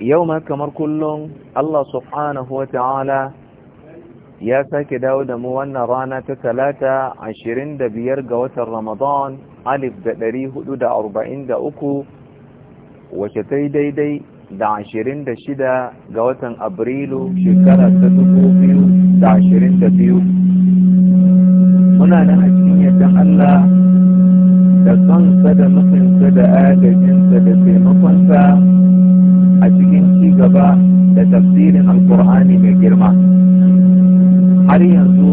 yau ma kamar kullum Allah subhanahu wa ta'ala ya sake dawo da mu wannan rana ta talata ashirin da biyar ga watan ramadan alif da ɗari hudu da arba'in da uku wace ta yi daidai da ashirin da shida ga watan abrilu shekara ta dubu biyu da ashirin da biyu muna nan a cikin yadda Allah da kansa da nufinsa da agajinsa da gaba da tafsirin alkur'ani mai girma har yanzu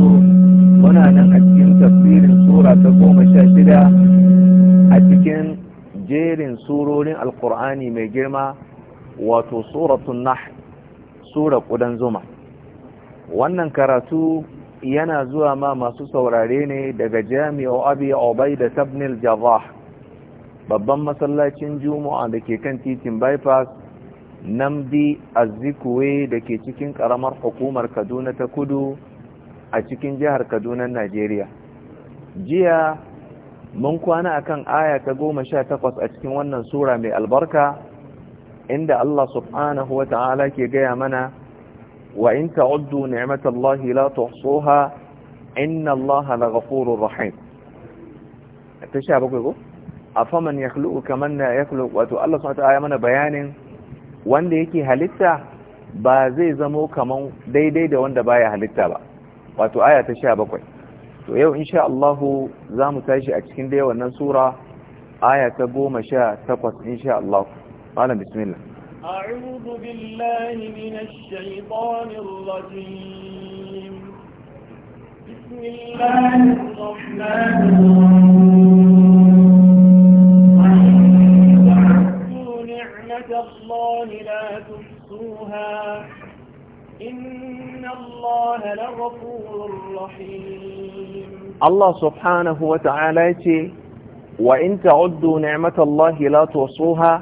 muna nan a cikin tafsirin sura ta goma sha shida a cikin jerin surorin alkur'ani mai girma wato suratun nah sura kudan zuma wannan karatu yana zuwa ma masu saurare ne daga jami'a abi obai da tabnil jawa babban masallacin juma'a da ke kan titin bypass namdi azikuwe da ke cikin karamar hukumar kaduna ta kudu a cikin jihar kaduna najeriya jiya mun kwana akan aya ta goma sha takwas a cikin wannan sura mai albarka inda allah subhanahu wa ta'ala ke gaya mana wa in ta'uddu ni'matallahi la tuhsuha inna allaha laghafurur rahim ta sha bakwai ko afaman yakhluqu kaman la yakhluq wato allah subhanahu wa ta'ala mana bayanin wanda yake halitta ba zai zamo kaman daidai da wanda baya halitta ba wato aya ta sha to yau insha Allah za mu tashi a cikin dai wannan sura aya ta goma sha takwas insha Allah malam bismillah أعوذ بالله من الشيطان الرجيم بسم الله الرحمن الرحيم نعمة الله لا تحصوها إن الله لغفور رحيم الله سبحانه وتعالى وإن تعدوا نعمة الله لا تحصوها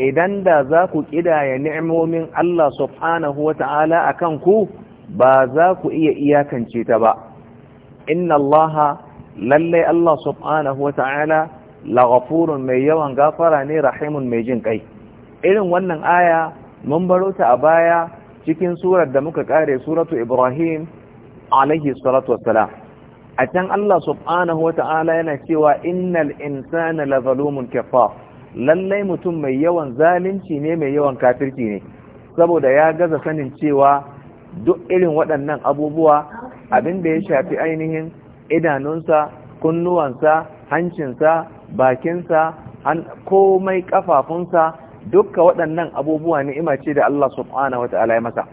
idan da za ku kidaya ni'imomin Allah subhanahu wa ta'ala a kanku ba za ku iya iyakance ta ba, inna Allah lallai Allah subhanahu wa ta'ala lagafurun mai yawan gafara ne rahimun mai jin ƙai. irin wannan aya mun baro ta a baya cikin surar da muka kare suratu ibrahim alaihi salatu wassalam a can Allah subhanahu ta'ala yana cewa innal insana la zalumun kafar lallai mutum mai yawan zalunci ne mai yawan kafirci ne saboda ya gaza sanin cewa duk irin waɗannan abubuwa abin da ya shafi ainihin idanunsa kunnuwansa hancinsa bakinsa komai kafafunsa dukka waɗannan abubuwa ni'ima ce da Allah subhanahu wata'ala ya masa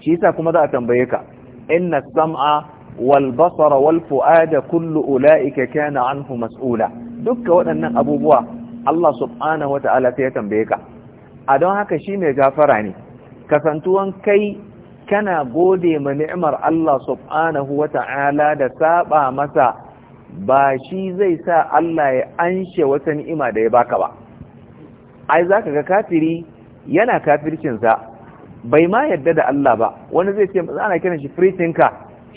shi yasa kuma za a tambaye ka inna sam'a wal basara wal fu'ada kullu ulaika kana anhu mas'ula dukka waɗannan abubuwa Allah subhanahu wata'ala sai ya tambaye ka a don haka shi mai gafara ne kasantuwan kai kana gode ma ni'imar Allah subhanahu wata'ala da saba masa ba shi zai sa Allah ya anshe wata ni'ima da ya baka ba ai za ka ga kafiri yana kafircinsa bai ma yadda da Allah ba wani zai ce ana kiran shi free thinker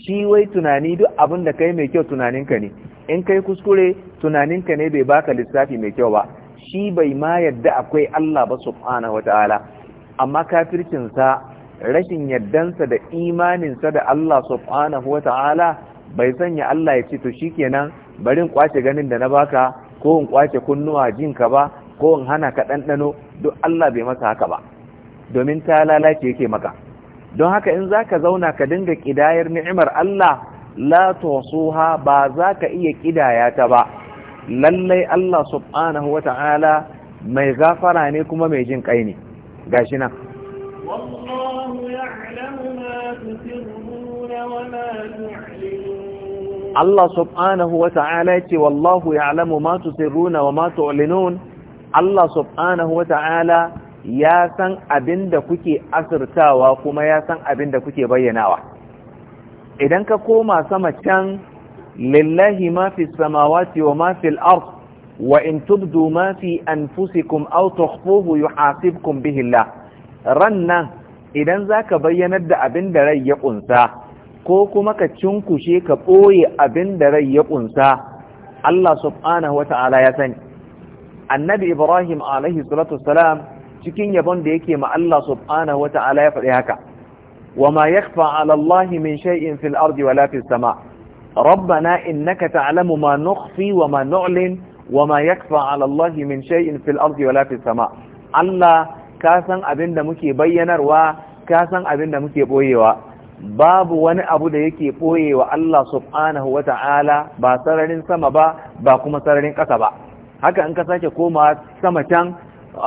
shi wai tunani duk abin da kai mai kyau tunaninka ne in kai kuskure tunaninka ne bai baka lissafi mai kyau ba shi bai ma yadda akwai Allah ba subhanahu wataala amma kafircinsa rashin yaddansa da imaninsa da Allah subhanahu wataala bai sanya Allah ya ce to shikenan bari in kwace ganin da na baka ko in kwace kunnuwa jinka ba ko in hana ka ɗanɗano duk Allah bai masa haka ba domin ta lalace yake maka don haka in za ka zauna ka dinga ƙidayar ni'imar Allah la tusuha ba za ka iya ƙidaya ta ba lallai Allah subhanahu wa ta'ala mai gafara ne kuma mai jin ƙai ne gashi nan Allah subhanahu wa ta'ala ce wallahu ya'lamu ma tusirruna wa ma tu'linun Allah subhanahu ta'ala ya san abin da kuke asirtawa kuma ya san abin da kuke bayyanawa idan ka koma sama can lillahi ma fi samawati wa ma fi wa in tubdu ma fi anfusikum aw tukhfuhu yuhasibkum bihi Allah rannan idan zaka bayyanar da abin da rai ya kunsa ko kuma ka cinkushe ka ɓoye abin da rai ya kunsa Allah subhanahu ta'ala ya sani annabi ibrahim alaihi cikin yabon da yake ma Allah subhanahu wata'ala ya faɗi haka wama yakhfa 'ala Allah min shay'in fil ardi wala fis sama' rabbana innaka ta'lamu ma nukhfi wama nu'lin wama yakhfa 'ala Allah min shay'in fil ardi wala fis Allah kasan san abinda muke bayyanarwa kasan abin da muke boyewa babu wani abu da yake boyewa Allah subhanahu wata'ala ba sararin sama ba ba kuma sararin ƙasa ba haka in ka sake koma sama can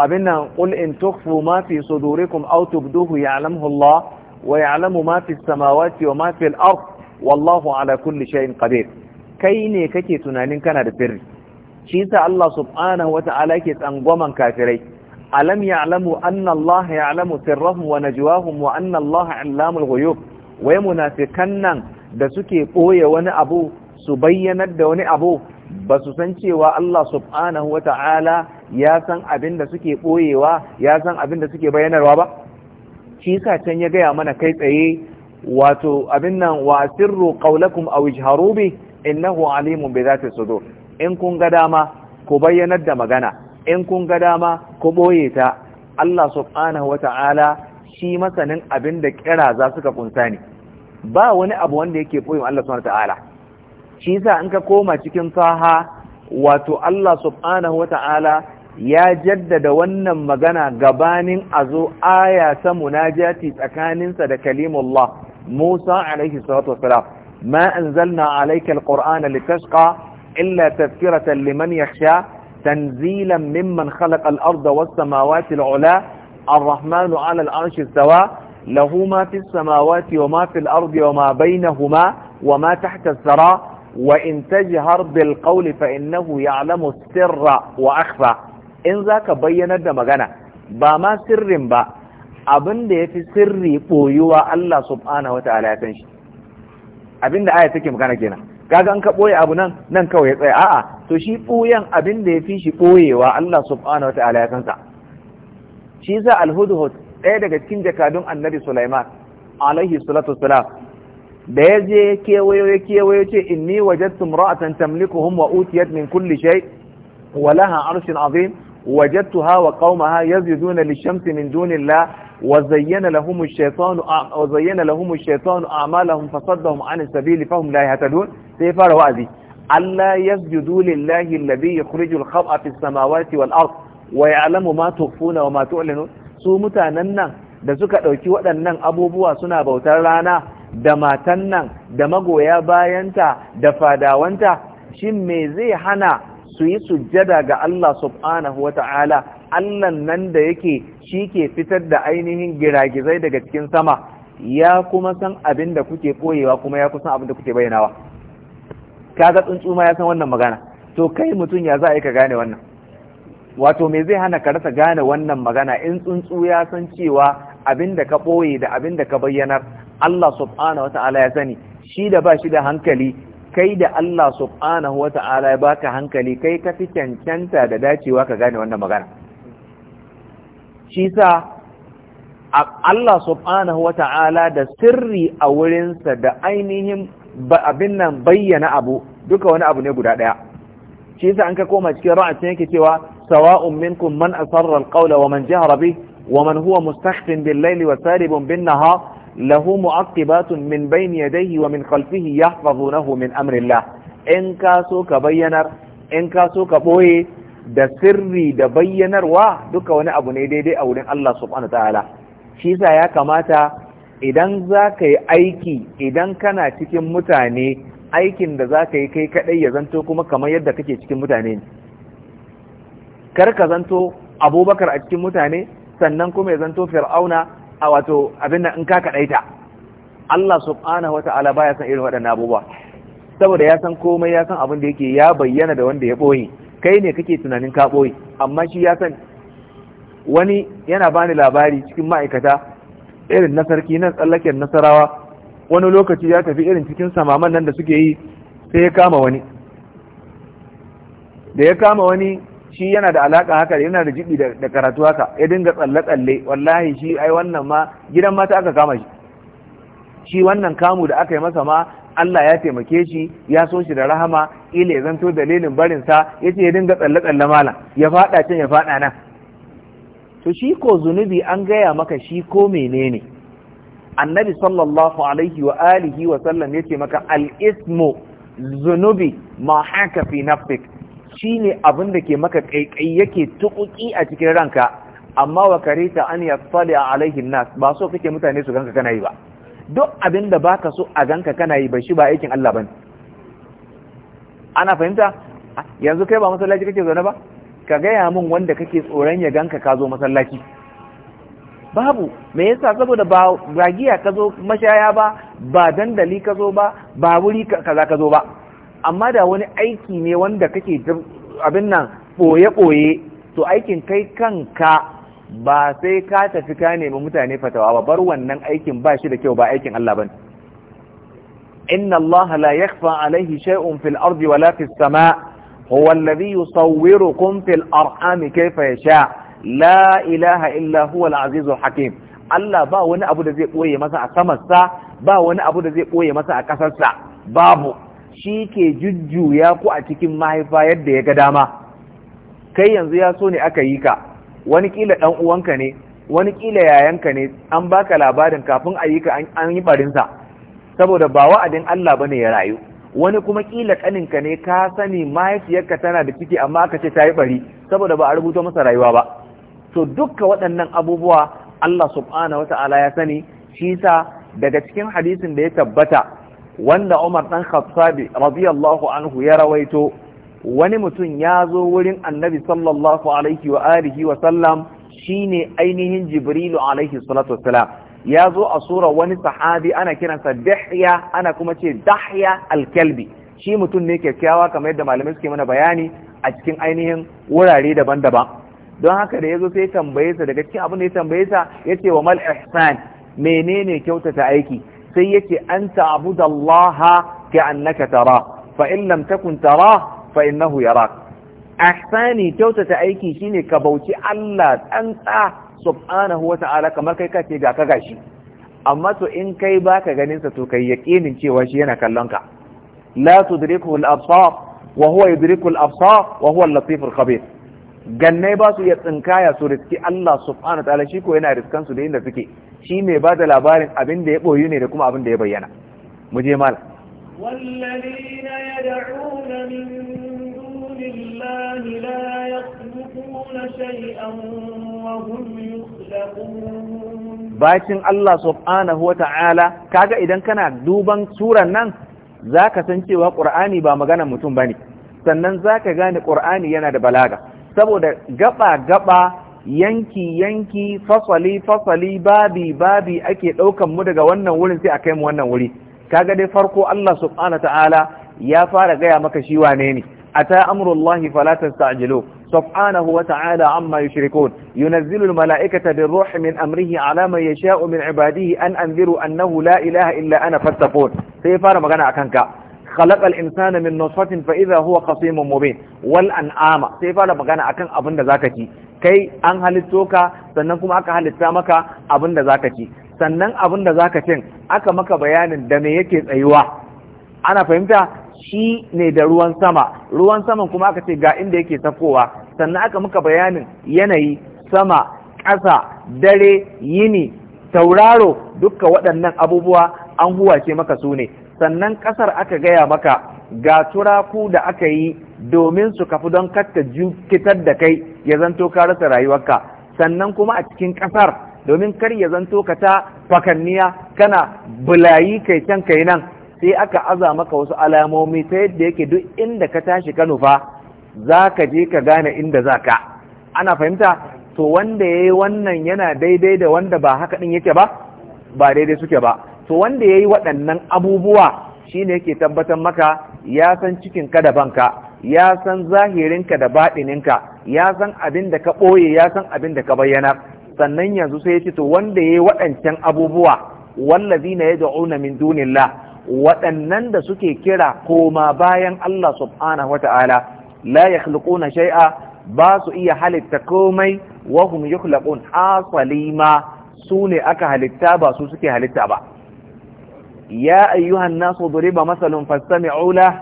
abin nan qul in tukhfu ma fi sudurikum aw tubduhu ya'lamuhu Allah wa ya'lamu ma fi samawati wa ma fi al-ard wallahu ala kulli shay'in qadir kai ne kake tunanin kana da sirri shi Allah subhanahu wa ta'ala yake tsangwaman kafirai alam ya'lamu anna Allah ya'lamu sirrahum wa najwahum wa anna Allah 'allamul ghuyub wai munafikan nan da suke ɓoye wani abu su bayyanar da wani abu ba su san cewa Allah subhanahu wa ta'ala ya san abin da suke ɓoyewa ya san abin da suke bayyanarwa ba shi sa can ya gaya mana kai tsaye wato abin nan wa sirru qawlakum aw ijharu bi innahu alimun bi zati sudur in kun ga dama ku bayyanar da magana in kun ga dama ku ɓoye ta Allah subhanahu wa ta'ala shi masanin abin da kira za suka kunsa ne ba wani abu wanda yake ɓoyin Allah subhanahu wa ta'ala shi in ka koma cikin taha wato Allah subhanahu wata'ala ya jaddada wannan magana gabanin azo aya ta munajati tsakaninsa da kalimullah Musa alaihi salatu wassalam ma anzalna alayka alqur'ana litashqa illa tadhkiratan liman yakhsha tanzilan mimman khalaqa al-arda was-samawati al-'ula ar-rahmanu 'ala al-'arshi istawa lahu ma fi as-samawati wa ma fi al-ardi wa ma bainahuma wa ma tahta as-sara Wa in bil وإن تجهر بالقول فإنه يعلم السر وأخفى bayyanar da magana? Ba ma sirrin ba, abin da ya fi sirri ɓoyuwa Allah subhanahu wa ta'ala ya san shi abin da aya take magana kenan kaga an ka ɓoye abu nan nan kawai ya tsaya a'a to shi ɓoyan abin da ya fi shi ɓoyewa Allah subhanahu wa ta'ala ya san sa shi yasa alhudhud ɗaya daga cikin jakadun annabi Sulaiman alaihi salatu wassalam da ya je kewayo ya kewayo ce in ni wajadtu imra'atan tamlikuhum wa utiyat min kulli shay wa laha arshun azim wajadtuha wa qaumaha yaziduna lish-shamsi min dunillah wa zayyana lahum ash-shaytanu wa zayyana lahum ash-shaytanu a'malahum fasaddahum 'an as-sabili fahum la yahtadun sai fara wa'azi alla yasjudu lillahi alladhi yukhrijul khab'a fis samawati wal ard wa ya'lamu ma tukhfuna wa ma tu'linun su mutanen nan da suka dauki waɗannan abubuwa suna bautar rana da matan nan da magoya bayanta da fadawanta shin me zai hana su yi sujjada ga Allah subhanahu wa ta'ala Allah nan da yake shi ke fitar da ainihin giragizai daga cikin sama ya kuma san abin da kuke koyewa kuma ya kusan abin da kuke bayyanawa kaga tsuntsu ma ya san wannan magana to kai mutum ya za a yi ka gane wannan wato me zai hana ka rasa gane wannan magana in tsuntsu ya san cewa abin da ka ɓoye da abin da ka bayyanar Allah subhanahu wata'ala ya sani shi da ba shi da hankali kai da Allah subhanahu wata'ala ya baka hankali kai ka fi cancanta da dacewa ka gane wannan magana shi sa Allah subhanahu wata'ala da sirri a wurinsa da ainihin abin nan bayyana abu duka wani abu ne guda ɗaya shi sa an ka koma cikin ra'ayin yake cewa sawa'un minkum man asarra alqawla wa man jahara bih wa man huwa mustakhfin bil-layli wa saribun bin-nahar lahu mu'aqibatun min bayni yadayhi wa min khalfihi yahfazunahu min amrillah in ka so ka bayyanar in ka so ka boye da sirri da bayyanarwa duka wani abu ne daidai a wurin Allah subhanahu ta'ala shi sa ya kamata idan za ka yi aiki idan kana cikin mutane aikin da za ka yi kai kadai ya zanto kuma kamar yadda kake cikin mutane kar ka zanto abubakar a cikin mutane sannan kuma ya zanto fir'auna a wato abin nan in ka kaɗai ta. Allah subhanahu wa ta'ala baya san irin waɗannan abubuwa saboda ya san komai ya san abin da yake ya bayyana da wanda ya ɓoye kai ne kake tunanin ka ɓoye amma shi ya san wani yana bani labari cikin ma'aikata irin na sarki nan tsallaken nasarawa wani lokaci ya tafi irin cikin samaman nan da suke yi sai ya kama wani da ya kama wani shi yana da alaka haka yana da jibi da karatu haka ya dinga tsalle tsalle wallahi shi ai wannan ma gidan mata aka kama shi shi wannan kamu da aka yi masa ma Allah ya taimake shi ya so shi da rahama ila zan zanto dalilin barin sa yace ya dinga tsalle tsalle malam ya fada can ya fada nan to shi ko zunubi an gaya maka shi ko menene annabi sallallahu alaihi wa alihi wa sallam yace maka al ismu zunubi ma haka fi nafsik Shi ne abin da ke maka kaikai yake tukuki a cikin ranka amma wa karita an a alaihin nas ba so kake mutane su ganka kana ba duk abin da baka so a ganka kana yi ba shi ba aikin Allah bane ana fahimta yanzu kai ba masallaci kake zaune ba ka gaya min wanda kake tsoron ya ganka ka zo masallaci babu me yasa saboda ba ragiya ka zo mashaya ba ba dandali ka zo ba ba wuri kaza ka zo ba amma da wani aiki ne wanda kake abin nan ɓoye-ɓoye to aikin kai kanka ba sai ka tafi ka nemi mutane fatawa ba bar wannan aikin ba shi da kyau ba aikin Allah ba inna Allah la yakhfa alaihi shay'un fil ardi wala fis sama huwa alladhi yusawwirukum fil arham kayfa yasha la ilaha illa huwa al azizul hakim Allah ba wani abu da zai boye masa a samarsa ba wani abu da zai boye masa a kasarsa babu shi ke jujjuya ku a cikin mahaifa yadda ya ga dama kai yanzu ya so ne aka yi ka wani kila dan uwanka ne wani kila yayanka ne an baka labarin kafin a yi ka an yi barinsa saboda ba wa'adin Allah bane ya rayu wani kuma kila kaninka ne ka sani mahaifiyarka tana da ciki amma aka ce ta yi bari saboda ba a rubuta masa rayuwa ba to dukka waɗannan abubuwa Allah subhanahu ta'ala ya sani shi sa daga cikin hadisin da ya tabbata wanda Umar dan Khattabi radiyallahu anhu ya rawaito wani mutum ya zo wurin Annabi sallallahu alaihi wa alihi wa sallam shine ainihin Jibrilu alaihi salatu wassalam ya zo a sura wani sahabi ana kiransa Dihya ana kuma ce Dahya al-Kalbi shi mutum ne kyakkyawa kamar yadda malamai suke mana bayani a cikin ainihin wurare daban-daban don haka da ya zo sai tambaye sa daga cikin abin da ya tambaye sa ya ce wa mal ihsan menene kyautata aiki sai yake an ta'budu Allah ka annaka tara fa in lam takun tara fa innahu yarak Asani kyautata aiki shine ka bauci Allah tsantsa subhanahu wa ta'ala kamar kai kace ga ka gashi amma to in kai baka ganin sa to kai yaqinin cewa shi yana kallon ka la tudrikuhu al-absar wa huwa yudrikuhu al-absar wa huwa al khabir gannai ba su iya tsinkaya su riski Allah subhanahu wa ta'ala shi ko yana riskan su da inda suke shi mai ba da labarin abin da ya ɓoyi ne da kuma abin da ya bayyana mu je mala bacin Allah subhanahu wa ta'ala kaga idan kana duban suran nan zaka san cewa ƙur'ani ba magana mutum ba ne, sannan zaka gane ƙur'ani yana da balaga saboda gaba gaba yanki yanki fasali fasali babi babi ake ɗaukan mu daga wannan wurin sai a kai mu wannan wuri kaga dai farko Allah subhanahu ta'ala ya fara gaya maka shi wane ne ata amrullahi fala tastajilu subhanahu wa ta'ala amma yushrikun yunazzilu almalaikata birruh min amrihi ala man yasha'u min ibadihi an anziru annahu la ilaha illa ana fattaqun sai fara magana akan ka خلق الإنسان من نطفة فإذا هو خصيم مبين والأنعام سيفا لبغانا za ka ci kai an halitto ka sannan kuma aka halitta maka abin da zaka ci sannan abin da zaka cin aka maka bayanin da me yake tsayuwa ana fahimta shi ne da ruwan sama ruwan saman kuma aka ce ga inda yake sakowa sannan aka maka bayanin yanayi sama ƙasa dare yini tauraro dukka waɗannan abubuwa an huwace maka su ne sannan ƙasar aka gaya maka ga turaku da aka yi domin su kafi don katta jikitar da kai ya zanto ka rasa rayuwarka sannan kuma a cikin kasar domin kar ya zanto ka ta fakanniya kana bulayi kai can kai nan sai aka aza maka wasu alamomi ta yadda yake duk inda ka tashi Kano fa, za ka je ka gane inda za ka ana fahimta to wanda ya yi wannan yana daidai da wanda ba haka ɗin yake ba ba daidai suke ba to wanda ya yi waɗannan abubuwa shi ne yake tabbatar maka ya san cikinka da banka ya san zahirinka da baɗininka ya san abin da ka ɓoye ya san abin da ka bayyana sannan yanzu sai ya ce to wanda ya yi waɗancan abubuwa wallazina yad'una min dunillah waɗannan da suke kira koma bayan Allah subhanahu wata'ala la yakhluquna shay'a ba su iya halitta komai wa hum yukhlaqun hasalima su ne aka halitta ba su suke halitta ba يا أيها الناس ضرب مثل فاستمعوا له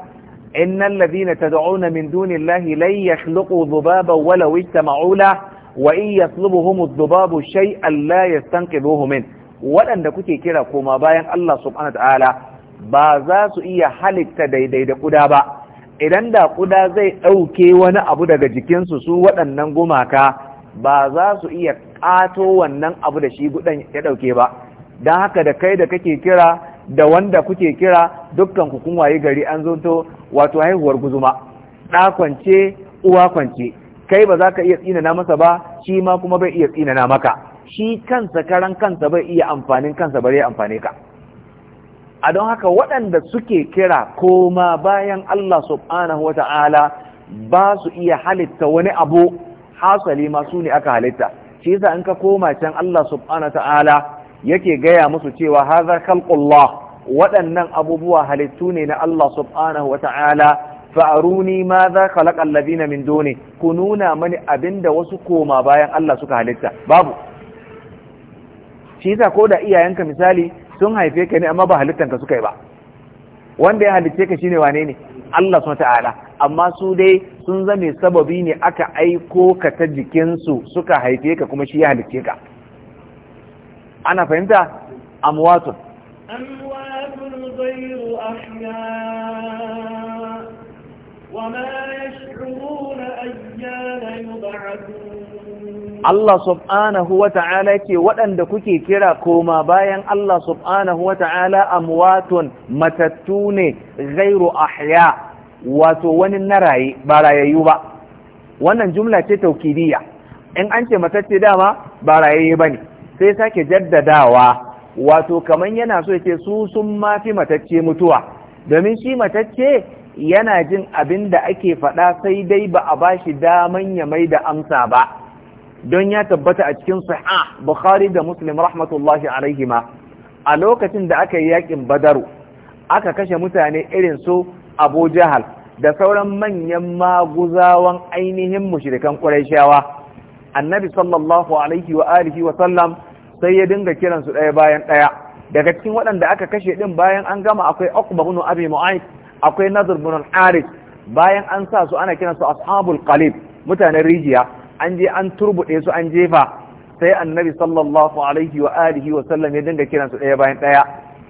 إن الذين تدعون من دون الله لن يخلقوا ذبابا ولو اجتمعوا له وإن يطلبهم الذباب شيئا لا يستنقذوه منه waɗanda kuke kira koma bayan Allah subhanahu ta'ala ba za su iya halitta daidai da ƙuda ba idan da ƙuda zai ɗauke wani abu daga jikinsu su waɗannan gumaka ba za su iya ƙato wannan abu da shi gudan ya ɗauke ba don haka da kai da kake kira da wanda kuke kira dukkan ku gari an zonto wato haihuwar guzuma ɗa kwance uwa kwance kai ba za ka iya tsinana masa ba shi ma kuma bai iya tsinana maka shi kansa karan kansa bai iya amfanin kansa bare amfane ka a don haka waɗanda suke kira koma bayan Allah subhanahu wa ta'ala ba su iya halitta wani abu hasali ma su ne aka halitta shi yasa in ka koma can Allah subhanahu wa ta'ala yake gaya musu cewa haza khalqullah waɗannan abubuwa halittu ne na Allah subhanahu wa ta'ala fa'aruni ma za khalaqa alladhina min duni ku nuna mani abinda wasu koma bayan Allah suka halitta babu shi yasa ko da iyayenka misali sun haife ka ne amma ba halittanka suka yi ba wanda ya halitte ka shine wane ne Allah subhanahu wa ta'ala amma su dai sun zame sababi ne aka aiko ka ta jikinsu suka haife ka kuma shi ya halitte ka ana fahimta amwatun amwatun ghayru ahya wa ma ayyana yub'athun Allah subhanahu wa ta'ala ke waɗanda kuke kira koma bayan Allah subhanahu wa ta'ala amwatun matattu ne ghayru ahya wato wani na raye ba rayayyu ba wannan jumla ce taukidiyya in an ce matacce dama ba rayayye bane sai sake jaddadawa wato kamar yana so ce su sun mafi matacce mutuwa domin shi matacce yana jin abin da ake faɗa sai dai ba a ba shi daman ya mai da amsa ba don ya tabbata a cikin sa'a bukhari da muslim rahmatullahi alaihima a lokacin da aka yi yakin badaru aka kashe mutane irin su abu jahal da sauran manyan maguzawan ainihin mushrikan ƙurayshawa annabi sallallahu alaihi wa alihi wa sallam sai ya dinga kiransu ɗaya bayan ɗaya daga cikin waɗanda aka kashe ɗin bayan an gama akwai Uqba ibn Abi Mu'ayth akwai Nadr ibn Harith bayan an sa su ana kiran su ashabul qalib mutanen rijiya an je an turbuɗe su an jefa sai annabi sallallahu alaihi wa alihi wa sallam ya dinga kiransu ɗaya bayan ɗaya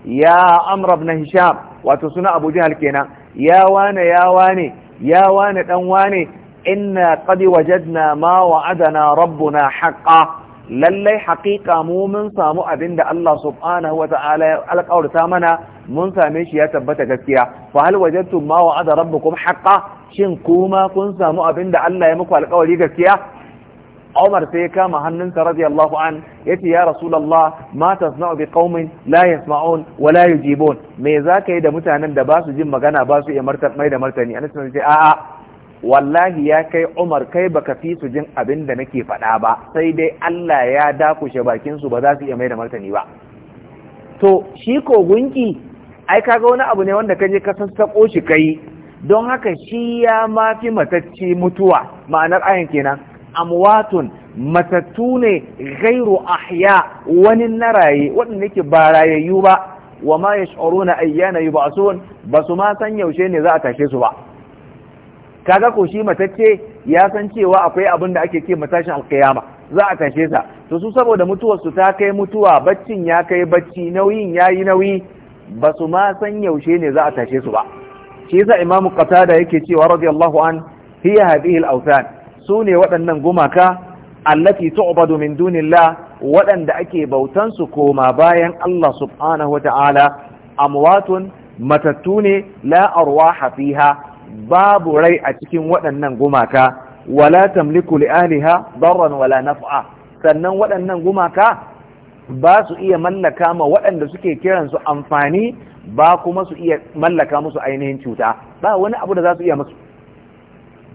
ya amr ibn hisham wato suna abu jahal kenan ya wane ya wane ya wane dan wane inna qad wajadna ma wa'adana rabbuna haqqan lallai haƙiƙa mu mun samu abin da Allah subhanahu wata'ala ya alƙawarta mana mun same shi ya tabbata gaskiya fa hal wajadtum ma wa'ada rabbukum haqqan shin kuma kun samu abin da Allah ya muku alƙawari gaskiya Umar sai ya kama hannunsa radiyallahu an yace ya Rasulullah ma tasna'u bi qaumin la yasma'un wa la yujibun me zaka yi da mutanen da ba su jin magana ba su iya mai da martani annabi sai a'a wallahi ya kai umar kai baka fi su jin abin da nake faɗa ba sai dai Allah ya dakushe bakin su ba za su iya mai da martani ba to shi ko gunki ai kaga wani abu ne wanda ka je ka sassaƙo shi kai don haka shi ya ma fi matacci mutuwa ma'anar ayan kenan amwatun matattu ne gairu ahya wani na raye waɗanda yake ba rayayyu ba wa ma yash'uruna ayyana yub'asun basu ma san yaushe ne za a tashe su ba kaga ko shi matacce ya san cewa akwai abin da ake ce matashin alkiyama za a tashe sa to su saboda mutuwar su ta kai mutuwa baccin ya kai bacci nauyin yayi nauyi ba su ma san yaushe ne za a tashe su ba shi yasa imamu qatada yake cewa radiyallahu an hiya hadhihi al-awthan sune waɗannan gumaka allati tu'badu min dunillah waɗanda ake bautan su koma bayan Allah subhanahu wa ta'ala amwatun matattu ne la arwaha fiha babu rai a cikin waɗannan gumaka wala tamliku li darran wala naf'a sannan waɗannan gumaka ba su iya mallaka ma waɗanda suke kiran su amfani ba kuma su iya mallaka musu ainihin cuta ba wani abu da za su iya musu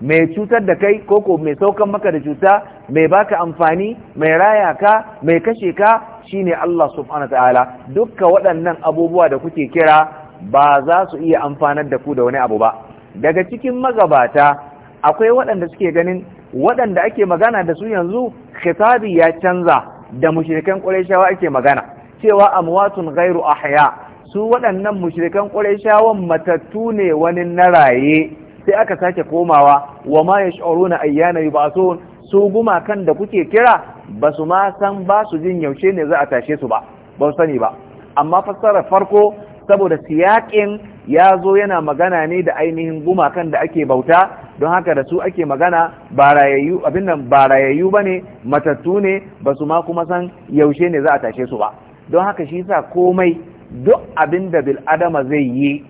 mai cutar da kai koko mai saukan maka da cuta mai baka amfani mai raya ka mai kashe ka shine Allah subhanahu ta'ala dukkan waɗannan abubuwa da kuke kira ba za su iya amfanar da ku da wani abu ba daga cikin magabata akwai waɗanda suke ganin waɗanda ake magana da su yanzu khitabi ya canza da mushrikan qurayshawa ake magana cewa amwatun ghairu ahya su waɗannan mushrikan qurayshawan matattu ne wani na raye sai aka sake komawa wa ma yash'uruna ayyana yub'athun su guma kan da kuke kira ba su ma san ba su jin yaushe ne za a tashe su ba ba su sani ba amma fassarar farko saboda siyaƙin ya zo yana magana ne da ainihin gumakan da ake bauta don haka da su ake magana ba ba ba ne matattu ne ba su ma kuma san yaushe ne za a tashe su ba don haka shi sa komai duk abin da bil'adama zai yi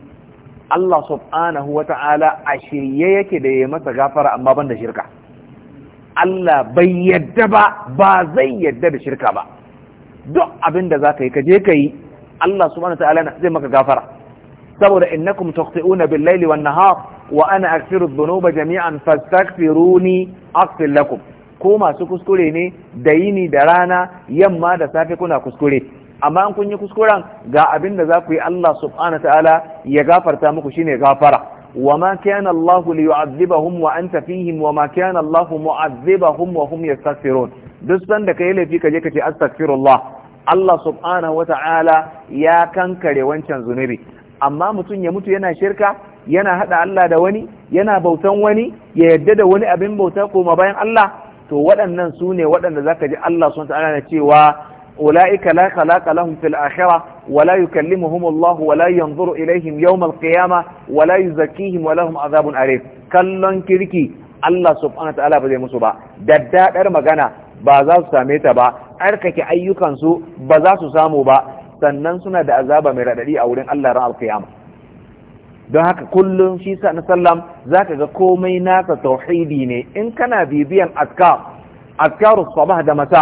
Allah subhanahu wa ta'ala a shirye yake da ya masa gafara amma ban da shirka Allah bai yadda ba ba zai yadda da shirka ba duk abin da za ka yi ka je ka yi Allah subhanahu ta'ala zai maka gafara saboda innakum taqti'una bil laili wan nahar wa ana aghfiru dhunuba jami'an fastaghfiruni aghfir lakum ko masu kuskure ne da yini da rana yamma da safe kuna kuskure amma in kun yi kuskuren ga abin da za ku yi Allah subhanahu ta'ala ya gafarta muku shine gafara وما كان الله ليعذبهم وأنت فيهم وما كان الله معذبهم وهم يستغفرون دستان da kai laifi kaje kace astaghfirullah Allah subhanahu wata'ala ya kankare wancan zunubi amma mutum ya mutu yana shirka yana haɗa Allah da wani yana bautan wani ya yarda da wani abin bauta koma bayan Allah to waɗannan sune ne waɗanda zaka ji Allah subhanahu wata'ala na cewa ulaika la khalaqa lahum fil akhirah wa la yukallimuhum Allah wa la yanzuru ilayhim yawm al wa la yuzakkihim wa lahum kallon kirki Allah subhanahu wata'ala ba musu ba daddadar magana ba za su same ta ba tsarkake ayyukansu ba za su samu ba sannan suna da azaba mai raɗaɗi a wurin Allah ran alkiyama don haka kullum shi sa na sallam za ka ga komai nasa tauhidi ne in kana bibiyan askar askarus sabah da masa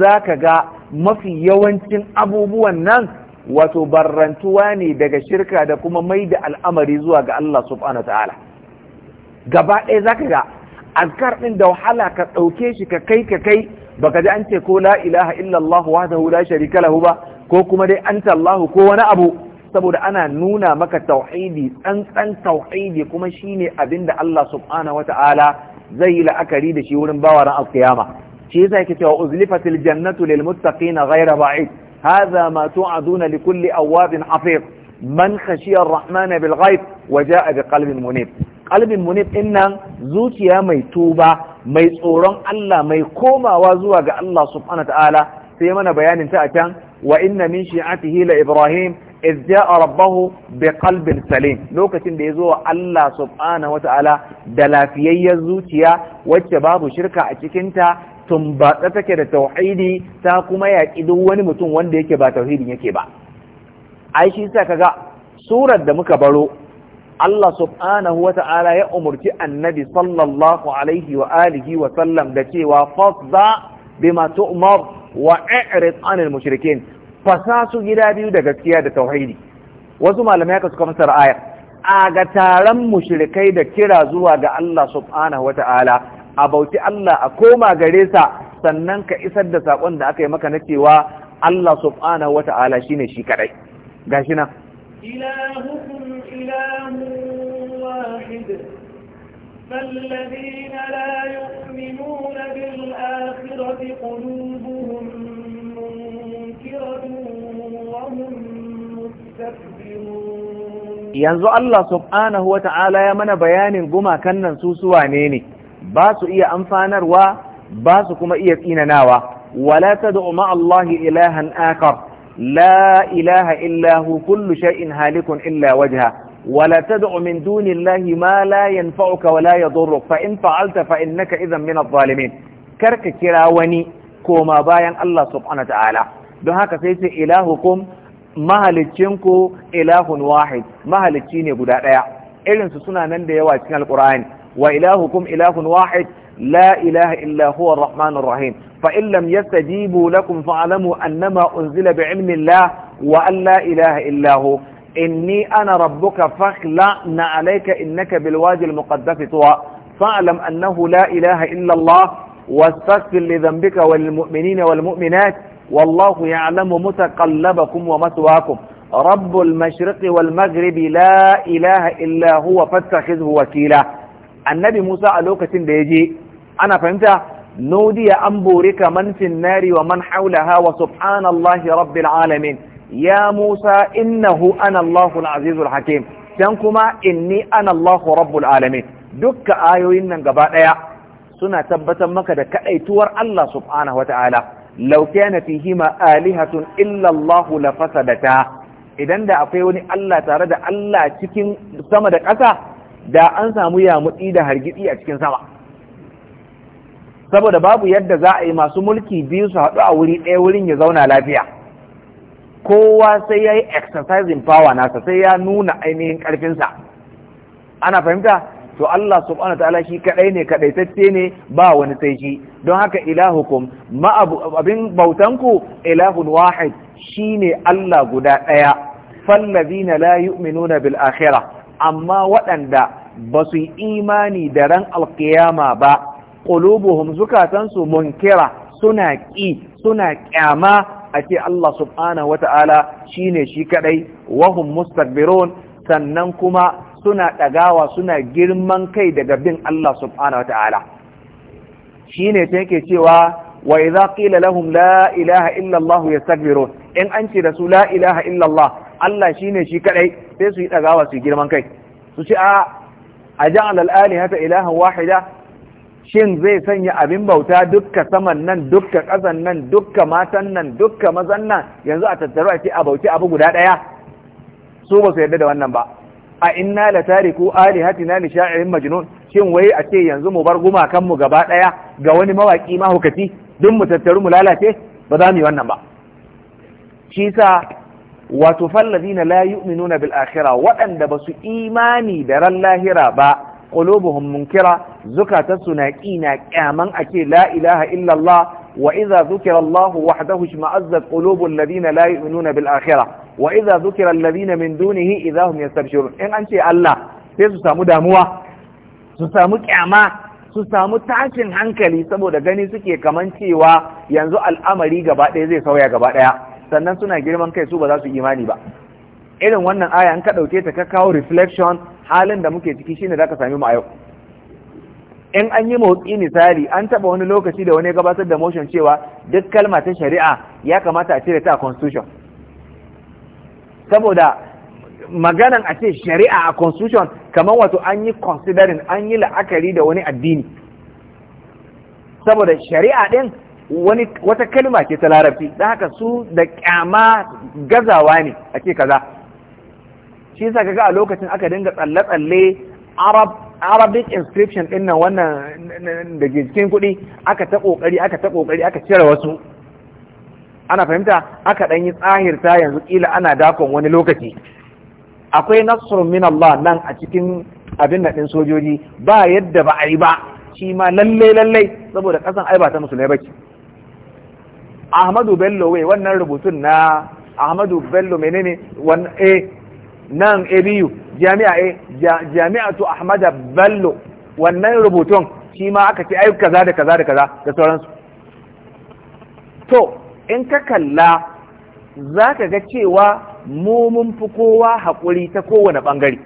za ka ga mafi yawancin abubuwan nan wato barrantuwa ne daga shirka da kuma mai da al'amari zuwa ga Allah subhanahu wa ta'ala gaba ɗaya za ka ga azkar din da wahala ka ɗauke shi ka kai ka kai baka ji an ce ko la ilaha illallah wahdahu la sharika lahu ba ko kuma dai anta Allah ko wani abu saboda ana nuna maka tauhidi tsantsan tauhidi kuma shine abin da Allah subhanahu wata'ala zai yi la'akari da shi wurin bawa ran alkiyama shi yasa yake cewa uzlifatil jannatu lil muttaqina ghayra ba'id hadha ma tu'aduna li kulli awabin hafiz man khashiyar rahmana bil ghaib wa ja'a bi Kalbin munib qalbin munib innan zuciya mai tuba mai tsoron Allah mai komawa zuwa ga Allah subhanahu ta'ala sai mana bayanin ta a can wa inna min shi'atihi la ibrahim إذ جاء Salim. Lokacin da ya zo wa Allah subhanahu ta'ala da lafiyayyar zuciya wacce babu shirka a cikin ta tumbatsa take da tauhidi ta kuma yaƙi duk wani mutum wanda yake ba tauhidin yake ba ai shi sa kaga surar da muka baro Allah subhanahu wata'ala ya umurci annabi sallallahu alaihi wa alihi wa sallam da cewa fasda bima tu'mar wa i'rid anil mushrikin fasa gida biyu da gaskiya da tauhidi wasu malamai haka suka fassara ayar a ga taron mushrikai da kira zuwa ga Allah subhanahu wata'ala a bauti Allah a koma gare sa sannan ka isar da sakon da aka yi maka na cewa Allah subhanahu wata'ala shine shi kadai gashi na ilahukum فالذين لا يؤمنون بالآخرة قلوبهم منكرة وهم مستكبرون ينزو الله سبحانه وتعالى يا من بيان قما كنا سوسوا نيني باسو إيا أنفانر و كما إيا تينناوا ولا تدعو مع الله إلها آخر la ilaha illa hu kullu shay'in halikun illa wajha ولا تدع من دون الله ما لا ينفعك ولا يضرك فإن فعلت فإنك إذا من الظالمين كرك كراوني كوما باين الله سبحانه وتعالى don haka sai ce ilahukum mahaliccinku ilahun wahid mahalicci ne guda ɗaya irinsu suna nan da yawa cikin alkur'ani wa ilahukum ilahun wahid la ilaha illa huwa rahmanur rahim فإن لم يستجيبوا لكم فاعلموا أنما أنزل بعلم الله وأن لا إله إلا هو إني أنا ربك فاخلعن عليك إنك بالوادي المقدس طوى فاعلم أنه لا إله إلا الله واستغفر لذنبك وللمؤمنين والمؤمنات والله يعلم متقلبكم ومثواكم رب المشرق والمغرب لا إله إلا هو فاتخذه وكيلا النبي موسى ألوكة بيجي أنا فهمتها نودي أن بورك من في النار ومن حولها وسبحان الله رب العالمين يا موسى إنه أنا الله العزيز الحكيم تنكما إني أنا الله رب العالمين دك آيوين ننقباء سنة تبتا مكدا كأيتور الله سبحانه وتعالى لو كان فيهما آلهة إلا الله لفسدتا إذن دا أقيوني الله تارد الله تكين سمد كسا دا أنسى ميا متئيدة هرجئية تكين سمد saboda babu yadda za a yi masu mulki biyu su haɗu a wuri ɗaya wurin ya zauna lafiya kowa sai ya yi exercising power nasa sai ya nuna ainihin ƙarfinsa ana fahimta to Allah subhanahu ta'ala shi kadai ne kadaitacce ne ba wani sai shi don haka ilahukum ma abin bautanku ilahun wahid shine Allah guda ɗaya fallazina la yu'minuna bil akhirah amma waɗanda ba su yi imani da ran alkiyama ba qulubuhum zukatansu munkira suna ƙi suna ƙyama a ce Allah subhanahu wa ta'ala shi shi kaɗai wahum mustakbirun sannan kuma suna ɗagawa suna girman kai daga bin Allah subhanahu wa ta'ala shi ne ta yake cewa wa idza lahum la ilaha illa Allah yastakbirun in an ce da su la ilaha illa Allah Allah shi shi kaɗai sai suyi yi ɗagawa su girman kai su ce a a ja'al al-alihata ilahan wahida shin zai sanya abin bauta dukka saman nan dukka ƙasan nan dukka matan nan dukka mazan nan yanzu a tattaru a ce a bauci abu guda ɗaya su ba su yarda da wannan ba a inna la tariku alihatina li sha'irin majnun shin wai a ce yanzu mu bar gumakan mu gaba ɗaya ga wani mawaki mahaukaci duk mu tattaru mu lalace ba za mu yi wannan ba shi sa wato fallazina la yu'minuna bil akhirah waɗanda ba su imani da ran lahira ba qulubuhum munkira zukatansu na ƙi na ƙyaman ake la ilaha illallah wa idza dhukira Allah wahdahu shma'azzat qulubul ladina la yu'minuna bil akhirah wa idza dhukira min dunihi idza hum yastabshirun in an ce Allah sai su samu damuwa su samu ƙyama su samu tashin hankali saboda gani suke kaman cewa yanzu al'amari gaba ɗaya zai sauya gaba ɗaya sannan suna girman kai su ba za su imani ba irin wannan aya in ka ɗauke ta ka kawo reflection halin da muke ciki shine zaka sami mu a yau in an yi motsi misali an taba wani lokaci da wani gabatar da motion cewa duk kalma ta shari'a ya kamata a cire ta a constitution saboda maganan a ce shari'a a constitution kamar wato an yi considering an yi la'akari da wani addini saboda shari'a din wani wata kalma ke ta larabci da haka su da kyama gazawa ne a ce kaza shi yasa kaga a lokacin aka dinga tsalle-tsalle arabic inscription din nan wannan da cikin kuɗi aka ta ƙoƙari aka ta ƙoƙari aka cire wasu ana fahimta aka ɗan yi tsahirta yanzu ƙila ana dakon wani lokaci akwai nasrun min Allah nan a cikin abin ɗin sojoji ba yadda ba a yi ba shi ma lalle lalle saboda ƙasan ai ba ta musulmai ba Ahmadu Bello wai wannan rubutun na Ahmadu Bello menene wannan eh nan abu jami'a a jami'atu ahmada bello wannan rubutun shi ma aka ce ayyuka kaza da kaza da kaza da sauransu to in ka kalla za ka ga cewa mu mun fi kowa haƙuri ta kowane ɓangare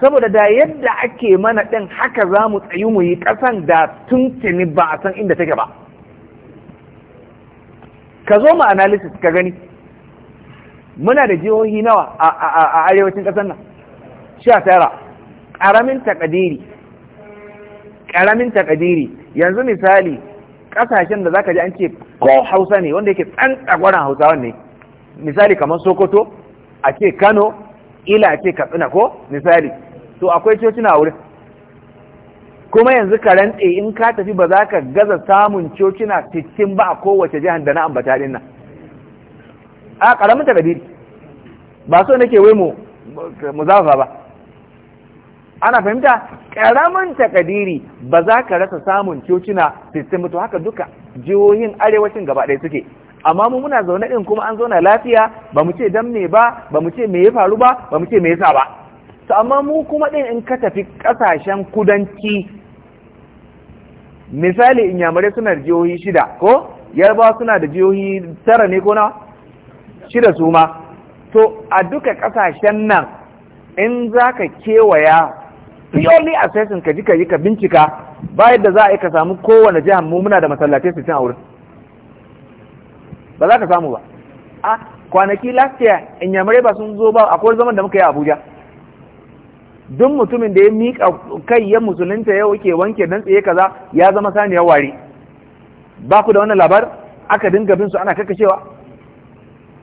saboda da yadda ake mana ɗin haka za mu tsayi mu yi ƙasan da tuntuni ba a san inda take ba ka zo ma analysis ka gani muna da jihohi nawa a arewacin ƙasar nan sha tara ƙaramin takadiri ƙaramin takadiri yanzu misali ƙasashen da zaka ji an ce ko hausa ne wanda yake tsan tsagwaron hausawan ne misali kamar sokoto a ce kano ila a ce katsina ko misali to akwai cocina a wurin kuma yanzu ka rantse in ka tafi ba za ka gaza samun cocina cikin ba a kowace jihar da na ambata din nan a karamin takadiri ba so nake wai mu mu zafa ba ana fahimta karamin takadiri ba za ka rasa samun cocina sistem to haka duka jihohin arewacin gaba ɗaya suke amma mu muna zaune din kuma an zauna lafiya ba mu ce dan me ba ba mu ce me ya faru ba ba mu ce me yasa ba to amma mu kuma ɗin in ka tafi kasashen kudanci misali inyamurai suna da jihohi shida ko yarbawa suna da jihohi tara ne ko na shida su ma to a duka ƙasashen nan in za ka kewaya purely assessing ka ji ka yi ka bincika bayan da za a yi ka samu kowane jihar mummuna muna da masallatai su cin a wurin ba za ka samu ba a kwanaki last year yamare ba sun zo ba akwai zaman da muka yi abuja duk mutumin da ya miƙa kai ya musulunta yau ke wanke dan tsaye kaza ya zama saniyar wari. ba ku da wannan labar aka dinga bin su ana kakashewa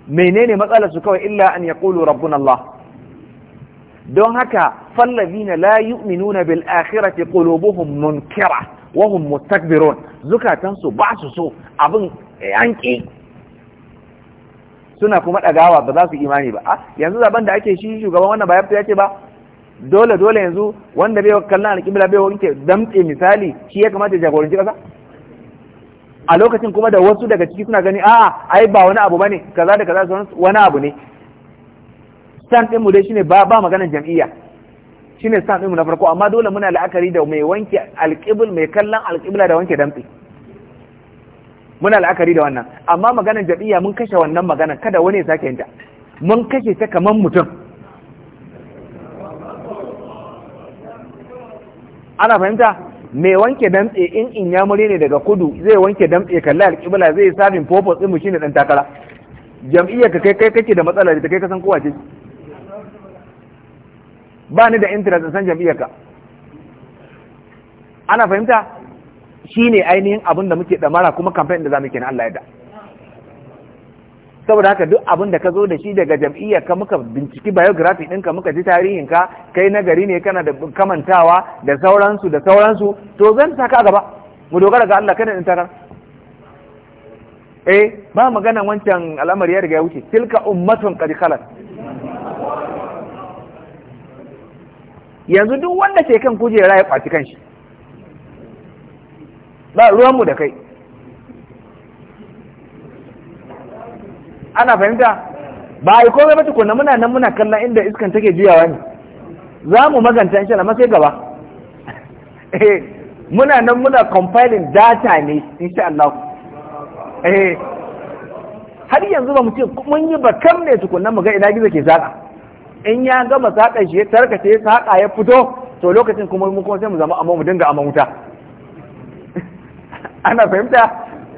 menene matsalarsu kawai illa an yaqulu rabbuna Allah don haka Fallabina la yu'minuna bil akhirati qulubuhum munkira wa hum mustakbirun zukatan su ba su so abin yanki suna kuma dagawa ba za su imani ba ah, yanzu zaben da ake shi shugaban wannan ba ya ce ba dole dole yanzu wanda bai kallon alƙibla bai wanke damtse misali shi ya kamata jagoranci kasa a lokacin kuma da wasu daga ciki suna gani a'a ai ba wani abu bane kaza da kaza wani abu ne San din mu dai shine ba ba maganar jam'iyya shine san din mu na farko amma dole muna la'akari da mai wanke alqibl mai kallon alqibla da wanke damfi muna la'akari da wannan amma maganar jam'iyya mun kashe wannan maganar kada wani ya sake yinta mun kashe ta kaman mutum ana fahimta mai wanke damtse in in ya mure ne daga kudu zai wanke damtse kalla alƙibla zai sabin purpose din mu shine dan takara jam'iyyar ka kai kai kake da matsala da kai ka san kowa ce ba ni da interest san jam'iyyar ka ana fahimta shine ainihin abin da muke ɗamara kuma campaign da zamu kenan Allah ya da saboda haka duk abin da ka zo da shi daga jam'iyyar ka muka binciki biography ka muka ji tarihin ka kai na gari ne kana da kamantawa da sauransu da sauransu to zan saka a gaba mu dogara ga Allah kada in tarar eh ba magana wancan al'amar ya riga ya wuce tilka ummatun qad khalat yanzu duk wanda ke kan kujera ya kwaci kanshi ba ruwan mu da kai ana fahimta ba a yi komai ba tukuna muna nan muna kallon inda iskan take juyawa ne za mu maganta in Allah masai gaba eh, muna nan muna compiling data ne insha Allah eh, har yanzu ba mu ce mun yi bakam ne tukunna mu ga ina gizo ke zaka in ya gama saƙa shi ya tarkace ya saka ya fito to lokacin kuma mu kuma sai mu zama amma mu dinga amma wuta ana fahimta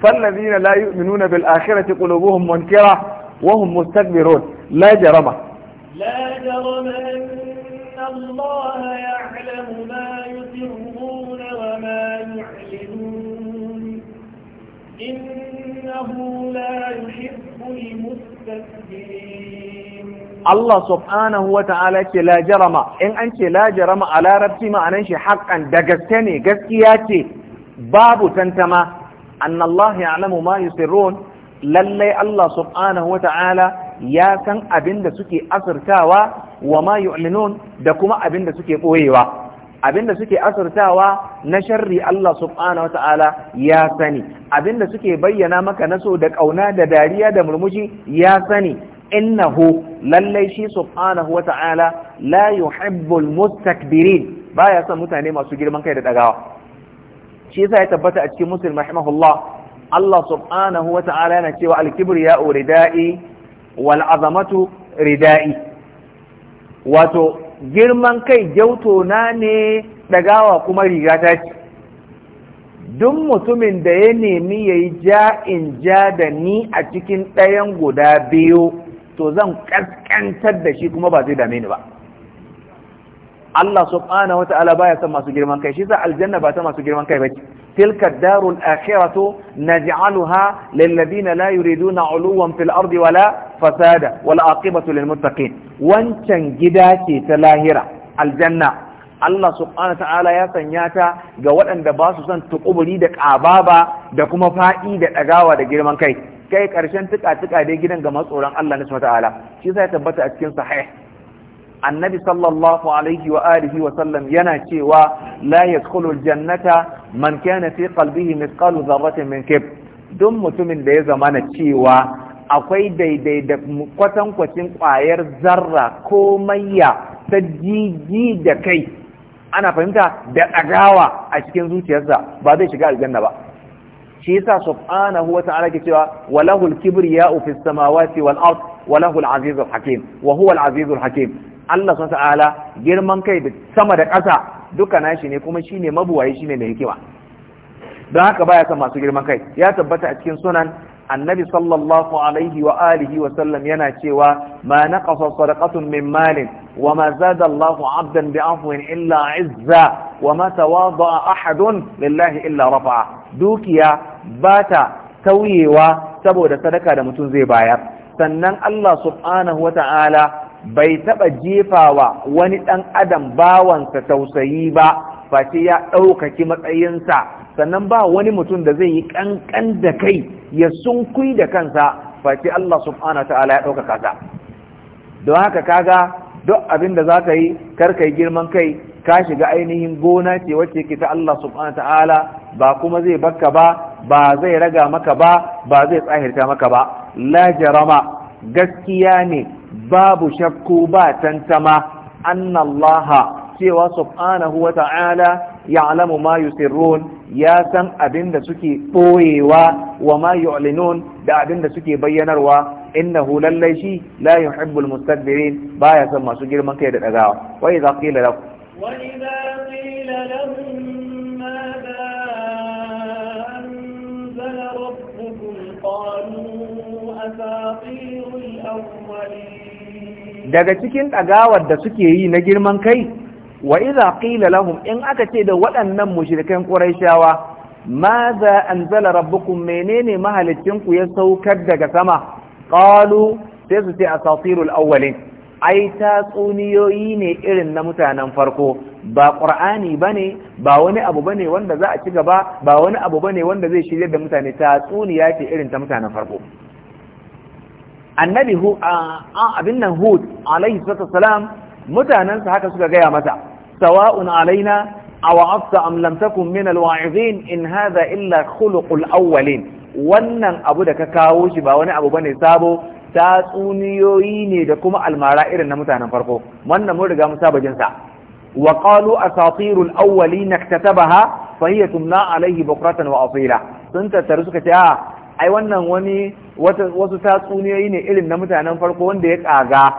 فالذين لا يؤمنون بالآخرة قلوبهم منكرة وهم مستكبرون لا جرم لا جرم أن الله يعلم ما يسرون وما يعلنون إنه لا يحب المستكبرين الله سبحانه وتعالى لا جرم إن أنت لا جرم على ربك ما أنشي حقا دقستني قسكياتي بابو تنتما annallahi ya'lamu ma yusirrun lallai Allah subhanahu wa ta'ala ya san abinda suke asirtawa wa ma yu'linun da kuma abinda suke ɓoyewa Abinda suke asirtawa na sharri Allah subhanahu wa ta'ala ya sani abin da suke bayyana maka na so da ƙauna da dariya da murmushi ya sani innahu lallai shi subhanahu wa ta'ala la yuhibbul mustakbirin baya son mutane masu girman kai da ɗagawa shi yasa ya tabbata a cikin muslim rahimahullah Allah subhanahu wa ta'ala yana cewa al-kibriya'u rida'i wal azamatu rida'i wato girman kai gyauto na ne dagawa kuma riga ta ce duk mutumin da ya nemi ya yi ja'in ja da ni a cikin ɗayan guda biyu to zan ƙasƙantar da shi kuma ba zai dame ni ba Allah subhanahu wa ta'ala baya san masu girman kai shi sa aljanna ba ta masu girman kai bace tilka darul akhiratu naj'aluha lil ladina la yuriduna 'uluwan fil ardi wala fasada wal aqibatu lil muttaqin wancan gida ce ta lahira aljanna Allah subhanahu ta'ala ya sanya ta ga waɗanda ba su son tukuburi da ƙababa da kuma fa'i da ɗagawa da girman kai kai ƙarshen tuka tuka dai gidan ga matsoron Allah na ta'ala shi sai tabbata a cikin sahih annabi sallallahu alaihi wa alihi wa sallam yana cewa la yadkhulu jannata man kana fi qalbihi mithqalu dharratin min kib duk mutumin da ya zamana cewa akwai daidai da kwatankwacin kwayar zarra ko mayya ta jiji da kai ana fahimta da ɗagawa a cikin zuciyarsa ba zai shiga aljanna ba shi yasa subhanahu wa ta'ala ke cewa walahul kibriya'u fis samawati wal ard ولهو العزيز الحكيم وهو العزيز Allah subhanahu ta'ala girman kai da sama da ƙasa duka nashi ne kuma shine mabuwayi ne mai hikima don haka baya sa masu girman kai ya tabbata a cikin sunan annabi sallallahu alaihi wa alihi wa sallam yana cewa ma naqasa sadaqatun min malin wa ma zada Allahu 'abdan bi afwin illa 'izza wa ma tawada'a ahadun lillahi illa rafa'a dukiya bata tauyewa saboda sadaka da mutum zai bayar sannan Allah subhanahu wa ta'ala bai taɓa jefawa wani ɗan adam bawansa tausayi ba face ya ɗaukaki matsayinsa sannan ba wani mutum da zai yi ƙanƙan da kai ya sunkui da kansa face Allah subhanahu ta'ala ya ɗaukaka ta don haka kaga duk abin da za ka yi karka yi girman kai ka shiga ainihin gona ce wacce ke ta Allah subhanahu ta'ala ba kuma zai bakka ba ba zai raga maka ba ba zai tsahirta maka ba la jarama gaskiya ne babu shakku ba tantama annallaha cewa subhanahu wa ta'ala ya'lamu ma yusirrun ya san abin da suke boyewa wa ma yu'linun da abin da suke bayyanarwa innahu lallai shi la yuhibbul mustakbirin baya san masu girman kai da dagawa wa idza qila lakum wa idza qila lahum ma anzala rabbukum qalu daga cikin ɗagawar da suke yi na girman kai wa iza qila lahum in aka ce da waɗannan mushrikan quraishawa maza anzala rabbukum menene mahalicin ku ya saukar daga sama qalu sai su ce asatirul awwalin ai tatsuniyoyi ne irin na mutanen farko ba ƙur'ani ba ba wani abu ba wanda za a ci gaba ba wani abu ba wanda zai shirya da mutane tatsuniya ce irin ta mutanen farko annabi hu abin nan hud alaihi salatu salam mutanensa haka suka gaya mata sawa'un alaina aw afta am lam takun min alwa'izin in hadha illa khuluqul awwalin wannan abu da ka kawo shi ba wani abu bane sabo ta tsuniyoyi ne da kuma almara irin na mutanen farko wannan mun riga mun saba jin sa wa qalu asatirul awwalin iktatabaha fa hiya tumna alaihi bukratan wa asila sun tattaru suka ce a ah, ai wannan wani wasu tatsuniyoyi ne irin na mutanen farko wanda ya kaga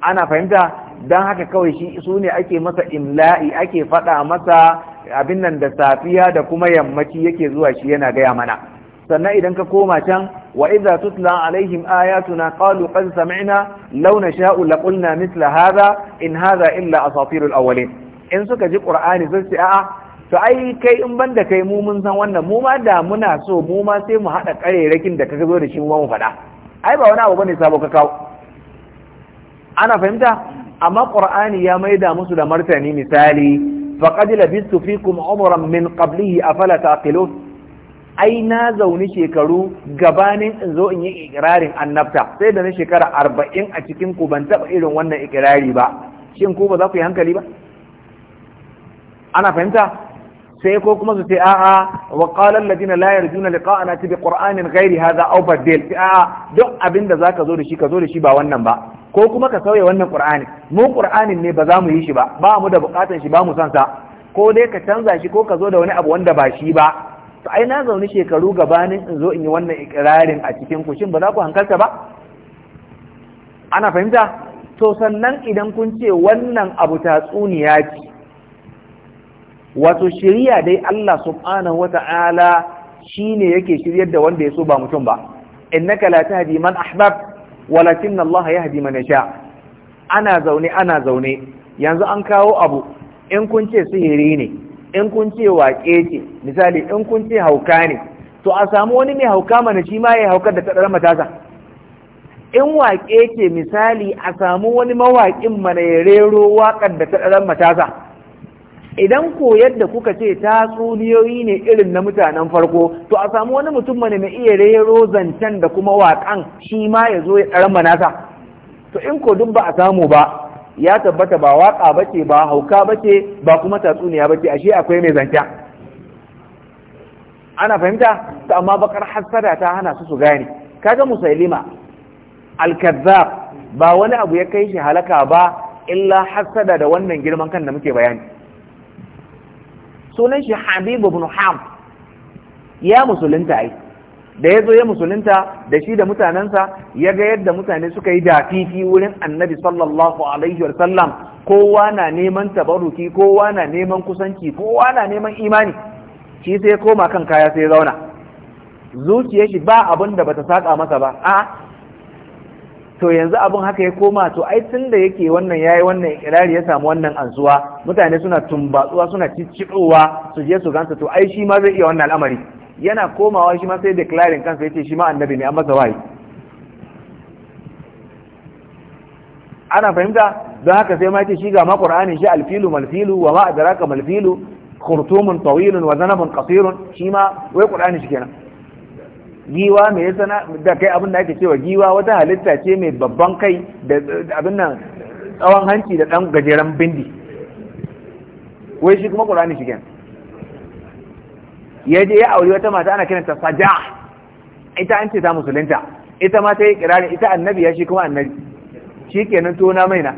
ana fahimta don haka kawai shi su ne ake masa imla'i ake faɗa masa abin nan da safiya da kuma yammaci yake zuwa shi yana gaya mana sannan idan ka koma can wa idza tutla alaihim ayatuna qalu qad sami'na law nasha'u la qulna mithla hadha in hadha illa asatirul awwalin in suka ji qur'ani sai su a'a to ai kai in ban da kai mu mun san wannan mu ma da muna so mu ma sai mu haɗa karerakin da kaga zo da shi mu mu faɗa ai ba wani abu bane sabo ka kawo ana fahimta amma qur'ani ya maida musu da martani misali faqad labistu fikum umran min qablihi afala taqilun ai na zauni shekaru gabanin in zo in yi ikirarin annabta sai da na shekara arba'in a cikin ku ban taɓa irin wannan ikirari ba shin ku ba za ku yi hankali ba ana fahimta sai ko kuma su ce a'a wa qala alladheena la yarjuna liqa'ana bi qur'anin ghairi hadha aw badil a'a duk abin da zaka zo da shi ka zo da shi ba wannan ba ko kuma ka sauya wannan qur'ani mu qur'anin ne ba za mu yi shi ba ba mu da bukatan shi ba mu san sa ko dai ka canza shi ko ka zo da wani abu wanda ba shi ba to ai na zaune shekaru gabanin in zo in yi wannan ikirarin a cikin ku shin ba za ku hankalta ba ana fahimta to sannan idan kun ce wannan abu tatsuniya ce wato shiriya dai Allah subhanahu wa ta'ala shi ne yake shiryar da wanda ya so ba mutum ba innaka la tahdi man ahbab walakin Allah yahdi man yasha ana zaune ana zaune yanzu an kawo abu in kun ce sihiri ne in kun ce waƙe ce misali in kun ce hauka ne to a samu wani mai hauka mana shi ma ya haukar da ta matasa in waƙe ce misali a samu wani mawaƙin mana ya rero waƙar da ta matasa idan ko yadda kuka ce tatsuniyoyi ne irin na mutanen farko to a samu wani mutum mana mai iya rero zancen da kuma waƙan shi ma ya zo ya ɗaran manasa to in ko duk ba a samu ba ya tabbata ba waƙa ba ce ba hauka ba ce ba kuma tatsuniya ba ce ashe akwai mai zancen ana fahimta to amma bakar hassada ta hana su su gane kaga musailima alkazzab ba wani abu ya kai shi halaka ba illa hassada da wannan girman kan da muke bayani sunan shi habibu ibn ham ya musulunta ai da ya zo ya musulunta da shi da mutanensa ya ga yadda mutane suka yi dafifi wurin annabi sallallahu alaihi wasallam kowa na neman tabaruki kowa na neman kusanci kowa na neman imani shi sai ya koma kan kaya sai zauna zuciyar shi ba abin da bata saka masa ba a to yanzu abin haka ya koma to ai tun da yake wannan yayi wannan ikirari ya samu wannan ansuwa mutane suna tumbatsuwa suna cicciɗowa su je su gansa to ai shi ma zai iya wannan al'amari yana komawa shi ma sai declaring kansa yace shi ma annabi ne an masa ana fahimta don haka sai ma yace shi ga ma qur'ani shi alfilu malfilu wa ma adraka malfilu khurtumun tawilun wa zanabun qasirun shi ma wai qur'ani shi kenan giwa me ya sana da kai abin da ake cewa giwa wata halitta ce mai babban kai da abin nan tsawon hanci da ɗan gajeren bindi wai shi kuma qur'ani shi ya je ya auri wata mata ana kiranta saja ita an ce ta musulunta ita ma ta yi kirari ita annabi ya shi kuma annabi shi kenan tona mai na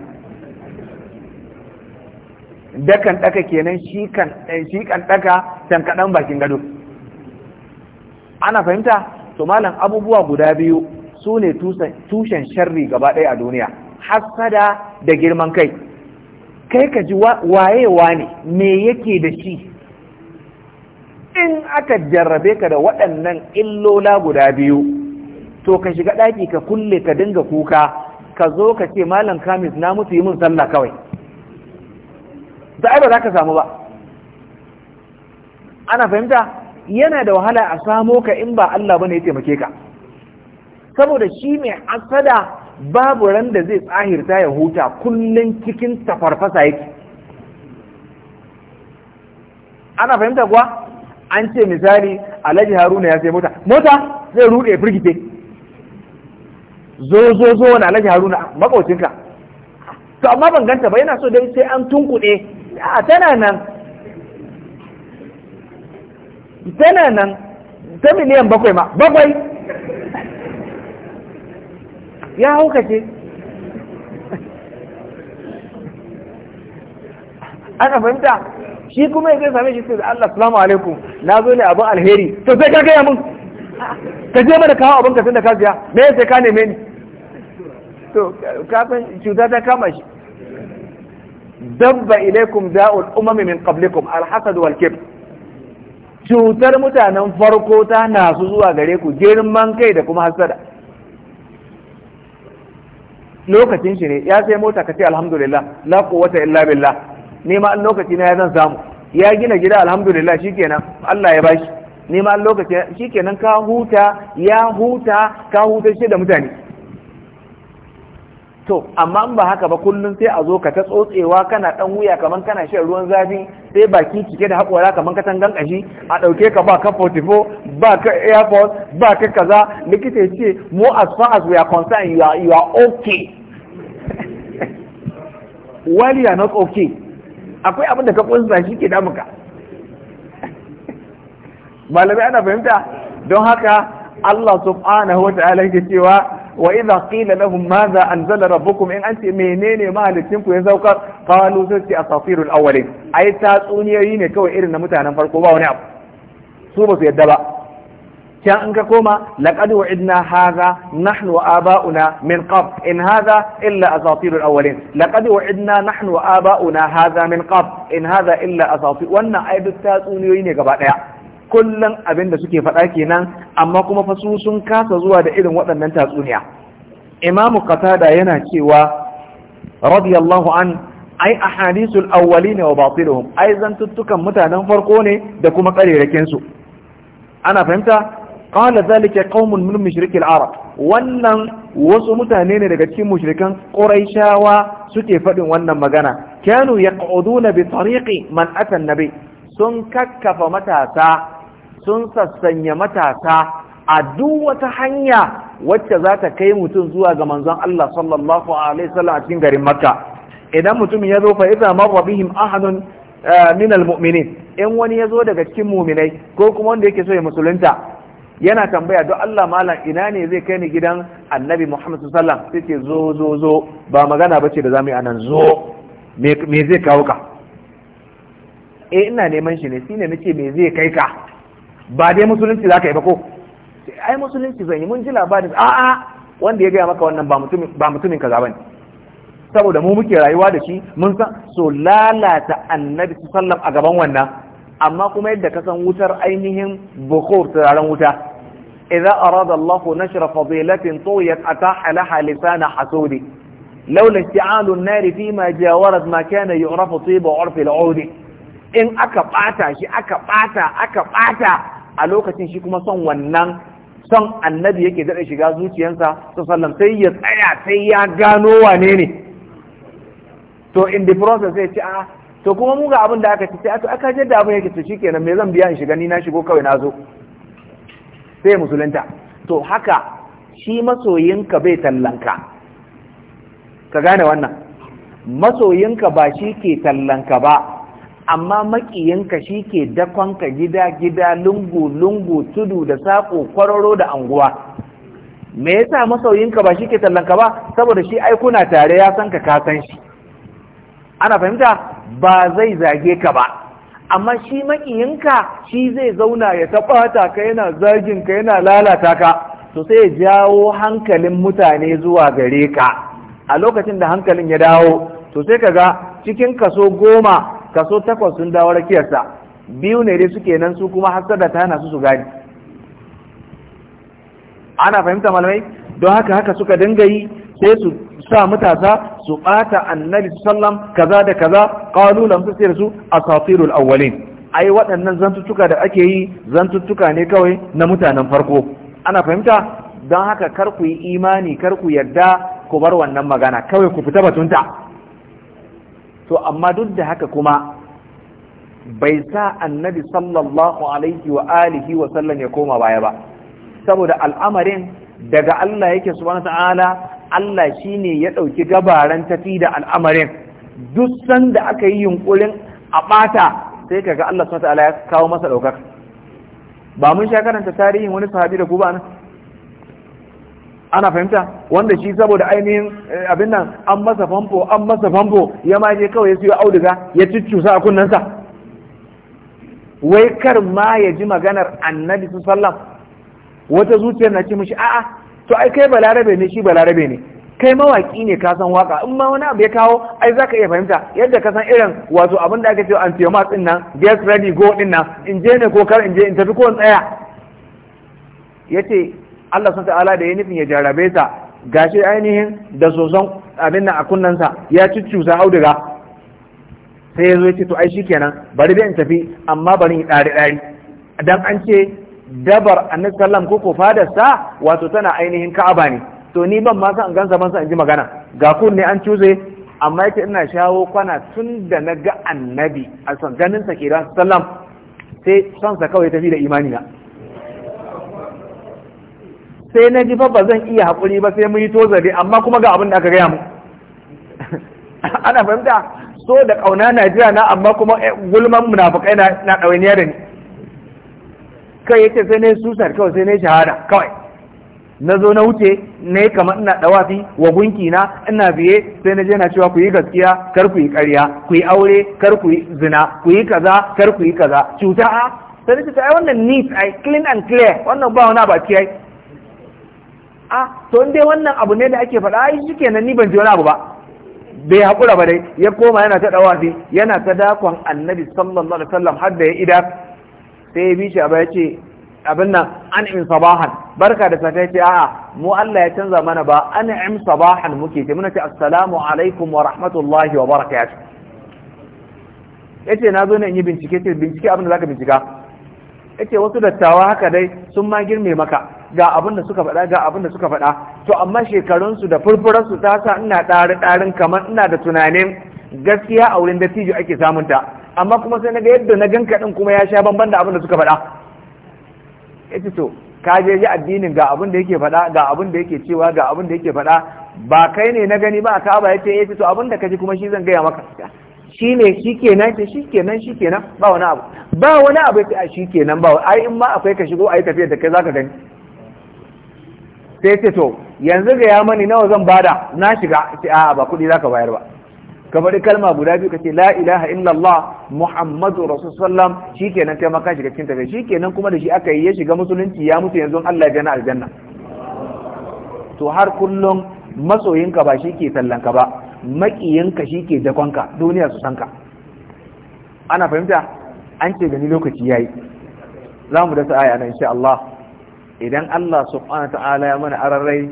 dakan daka kenan shi kan daka eh, tankadan bakin gado ana fahimta to malam abubuwa guda biyu su ne tushen sharri gaba ɗaya a duniya hassada da girman kai kai ka ji wayewa ne me yake da shi in aka jarrabe ka da waɗannan illola guda biyu to ka shiga ɗaki ka kulle ka dinga kuka ka zo ka ce malam kamis na mutu yi min sallah kawai Za a ba za ka samu ba ana fahimta yana da wahala a samo ka in ba Allah bane ya taimake ka saboda shi mai asada babu ran da zai tsahirta ya huta kullum cikin tafarfasa yake ana fahimta kuwa an ce misali alhaji haruna ya sai mota mota zai rude ya firgite zo zo zo wani alhaji haruna makocinka to amma ban ganta ba yana so dai sai an tunkuɗe a tana nan tana nan ta miliyan bakwai ma bakwai ya haukace aka fahimta shi kuma ya zai same shi sai da Allah salamu alaikum na zo ne abin alheri to sai ka gaya mun ka je mana kawo abin ka tun da ka siya me sai ka neme ni to kafin cuta ta kama shi dabba ilaikum da'ul umami min qablikum alhasad wal kibr cutar mutanen farko ta nasu zuwa gare ku girman kai da kuma hasada lokacin shi ne ya sai mota ka ce alhamdulillah la quwwata illa billah ni ma lokaci na ya zan samu ya gina gida alhamdulillah shikenan Allah ya bashi ni ma lokaci shikenan ka huta ya huta ka huta shi da mutane to amma in ba haka ba kullum sai a zo ka ta tsotsewa kana dan wuya kaman kana shan ruwan zafi sai baki cike da haƙora kamar katangan ƙashi a ɗauke ka ba ka 44 ba ka airport ba ka kaza likita ya ce mu as far as we are concerned you are, you are okay while you are not okay akwai abin da ka ƙunsa shi ke damuka malamai ana fahimta don haka Allah subhanahu wa ta'ala yake cewa wa idza qila lahum madha anzala rabbukum in anti menene mahalicin ku ya saukar qalu sai asafirul awwalin ai tatsuniyoyi ne kawai irin na mutanen farko ba wani abu su ba su yadda ba can in ka koma laqad wa'idna hadha nahnu wa aba'una min qabl in hadha illa asatirul awwalin laqad wa'idna nahnu wa aba'una hadha min qabl in hadha illa asatir wannan ai duk tatsuniyoyi ne gaba daya kullum abin da suke faɗa kenan amma kuma fa su sun kasa zuwa da irin waɗannan tatsuniya imamu qatada yana cewa radiyallahu an ai ahadithul awwalin wa batiluhum ai zantuttukan mutanen farko ne da kuma karerakin su ana fahimta qala zalika qaumun min mushrikil arab wannan wasu mutane ne daga cikin mushrikan quraishawa suke faɗin wannan magana kanu yaq'uduna bi tariqi man ata nabi sun kakkafa matasa sun sassanya matasa a duk wata hanya wacce za ta kai mutum zuwa ga manzon Allah sallallahu alaihi wasallam a cikin garin Makka idan mutum ya zo fa idza marra bihim ahadun eh, min almu'minin in wani ya zo daga cikin mu'minai ko kuma wanda yake so ya musulunta yana tambaya don Allah malam ina ne zai kai ni gidan Annabi Muhammad sallallahu alaihi wasallam sai ce zo zo zo ba magana bace da zamu yi anan zo me zai kawo ka eh ina neman shi ne shine nake me zai kai ka ba dai musulunci za ka yi ba ko ai musulunci zan yi mun ji labarin a'a wanda ya gaya maka wannan ba mutumin kaza bane saboda mu muke rayuwa da shi mun san so lalata annabi sallam a gaban wannan amma kuma yadda ka san wutar ainihin bukhur turaren wuta idza arada Allahu nashra fadilatin tuyat ataha laha lisana hasudi laula isti'alu an-nari fima jawarat ma kana yu'rafu tibu 'urfi al-'udi in aka bata shi aka bata aka bata a lokacin shi kuma son wannan son annabi yake daɗa shiga zuciyarsa su sallam sai ya tsaya sai ya gano wane ne to in the process sai ce a to kuma muga abin da aka ci sai aka aka jadda abin yake to shikenan me zan biya in shiga ni na shigo kawai na zo sai musulunta to haka shi masoyinka bai tallanka ka gane wannan masoyinka ba shi ke tallanka ba amma maƙiyinka shi ke dakonka gida-gida lungu-lungu tudu da saƙo kwararo da anguwa me yasa masauyinka ba shi ke tallanka ba saboda shi aikuna tare ya san ka ka san shi ana fahimta ba zai zage ka ba amma shi makiyinka shi zai zauna ya taɓata ka yana zagin ka yana lalata ka to sai ya jawo hankalin mutane zuwa gare ka a lokacin da hankalin ya dawo to sai ka ga cikin kaso goma kaso takwas sun dawo rakiyarsa biyu ne dai suke nan su kuma da ta hana su su gani ana fahimta malamai don haka haka suka dinga yi sai su sa matasa su bata annabi sallam kaza da kaza qalu lam tusir su asatirul awwalin ai waɗannan zantuttuka da ake yi zantuttuka ne kawai na mutanen farko ana fahimta don haka kar ku yi imani kar ku yarda ku bar wannan magana kawai ku fita batunta to amma duk da haka kuma bai sa annabi sallallahu alaihi wa alihi wa sallam ya koma baya ba saboda al'amarin daga Allah yake subhanahu ta'ala Allah shine ya dauki gabaran tafi da al'amarin duk sanda aka yi yunkurin a bata sai kaga Allah subhanahu ta'ala ya kawo masa daukar ba mun sha karanta tarihin wani sahabi da ku ba ana fahimta wanda shi saboda ainihin eh, abin nan an masa famfo an masa famfo ya ma je kawai ya siyo auduga ya ciccusa a kunnensa wai kar ma ya ji maganar annabi su sallam wata zuciyar na ce mishi a'a to ai kai balarabe ne shi balarabe ne kai mawaki ne ka san waka in ma wani abu ya kawo ai za ka iya fahimta yadda ka san irin wato abin da aka ce antiyomas din nan get ready go din nan in je ne ko kar in je in tafi ko in tsaya yace Allah sun ta'ala da ya nufin ya jarabe ta gashi ainihin da soson abin nan a kunnansa ya cuccusa auduga sai ya zo ya ce to ai shikenan bari dai in tafi amma bari in ɗari ɗari dan an ce dabar annabi sallam ko ko sa wato tana ainihin ka'aba ne to ni ban ma san gansa ban san in ji magana ga ne an cuze amma yake ina shawo kwana tun da na ga annabi a son ganin sa da sallam sai sonsa kawai tafi da imani na sai na ji fa ba zan iya haƙuri ba sai muyi yi tozare amma kuma ga abin da aka gaya mu ana fahimta so da ƙauna na na amma kuma eh, gulman munafukai na ɗawainiya da ni kai yace sai na yi susar kawai sai na yi shahada kawai na zo na wuce na yi kamar ina ɗawafi wa gunki na ina biye sai na je na cewa ku yi gaskiya kar ku yi ƙarya ku yi aure kar ku yi zina ku yi kaza kar ku yi kaza cuta a sai na ce ai wannan neat ai clean and clear wannan ba wani abaci ai a to in dai wannan abu ne da ake faɗa ai nan ni ban ji wani abu ba bai haƙura ba dai ya koma yana ta dawafi yana ta dakon annabi sallallahu alaihi wasallam har da ya ida sai ya bi shi a ya ce abin nan an in sabahan barka da ya ce a'a mu Allah ya canza mana ba an in sabahan muke ce muna ce assalamu alaikum wa rahmatullahi wa barakatuh yace na zo ne in yi bincike ce bincike abin da zaka bincika yace wasu dattawa haka dai sun ma girme maka ga abin da suka faɗa ga abin da suka faɗa to amma shekarunsu da su ta sa ina ɗari ɗarin kamar ina da tunanin gaskiya a wurin dattijo ake samun ta amma kuma sai naga yadda na ganka din kuma ya sha bamban da abin da suka faɗa yace to ka je ji addinin ga abin da yake faɗa ga abin da yake cewa ga abin da yake faɗa ba kai ne na gani ba ka ba yace eh, yace to abin da kaji kuma shi zan gaya maka shi ne shi kenan ce shi kenan shi kenan ba wani abu ba wani abu ya ce a shi kenan ba ai in ma akwai ka shigo a yi tafiyar da kai zaka gani sai ce to yanzu ga ya mani nawa zan bada na shiga sai a'a ba kuɗi zaka bayar ba ka bari kalma guda biyu ka ce la ilaha illallah muhammadu rasul sallam shikenan kai ma ka shiga cikin tafiya shikenan kuma da shi aka yi ya shiga musulunci ya mutu yanzu Allah ya aljanna to har kullum masoyinka ba shi ke sallanka ba maƙiyinka shi ke jakonka duniya su sanka ana fahimta an ce gani lokaci yayi za mu dasa aya na insha Allah idan Allah subhanahu ta'ala ya mana ararrai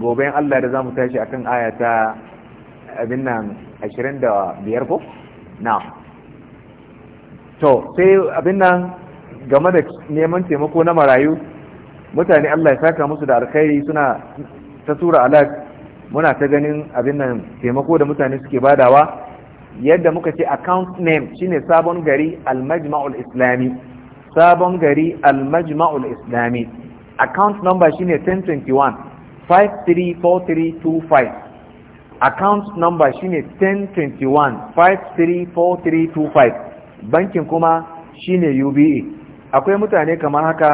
gobe in Allah da zamu tashi akan aya ta abin nan 25 ko na to sai abin nan game da neman taimako na marayu mutane Allah ya saka musu da alkhairi suna ta sura alaq muna ta ganin abin nan taimako da mutane suke badawa yadda muka ce account name shine sabon gari al-majma'ul islami sabon gari al-majma'ul islami account number shine 1021 534325 account number shine 1021 534325 bankin kuma shine UBE akwai mutane kamar haka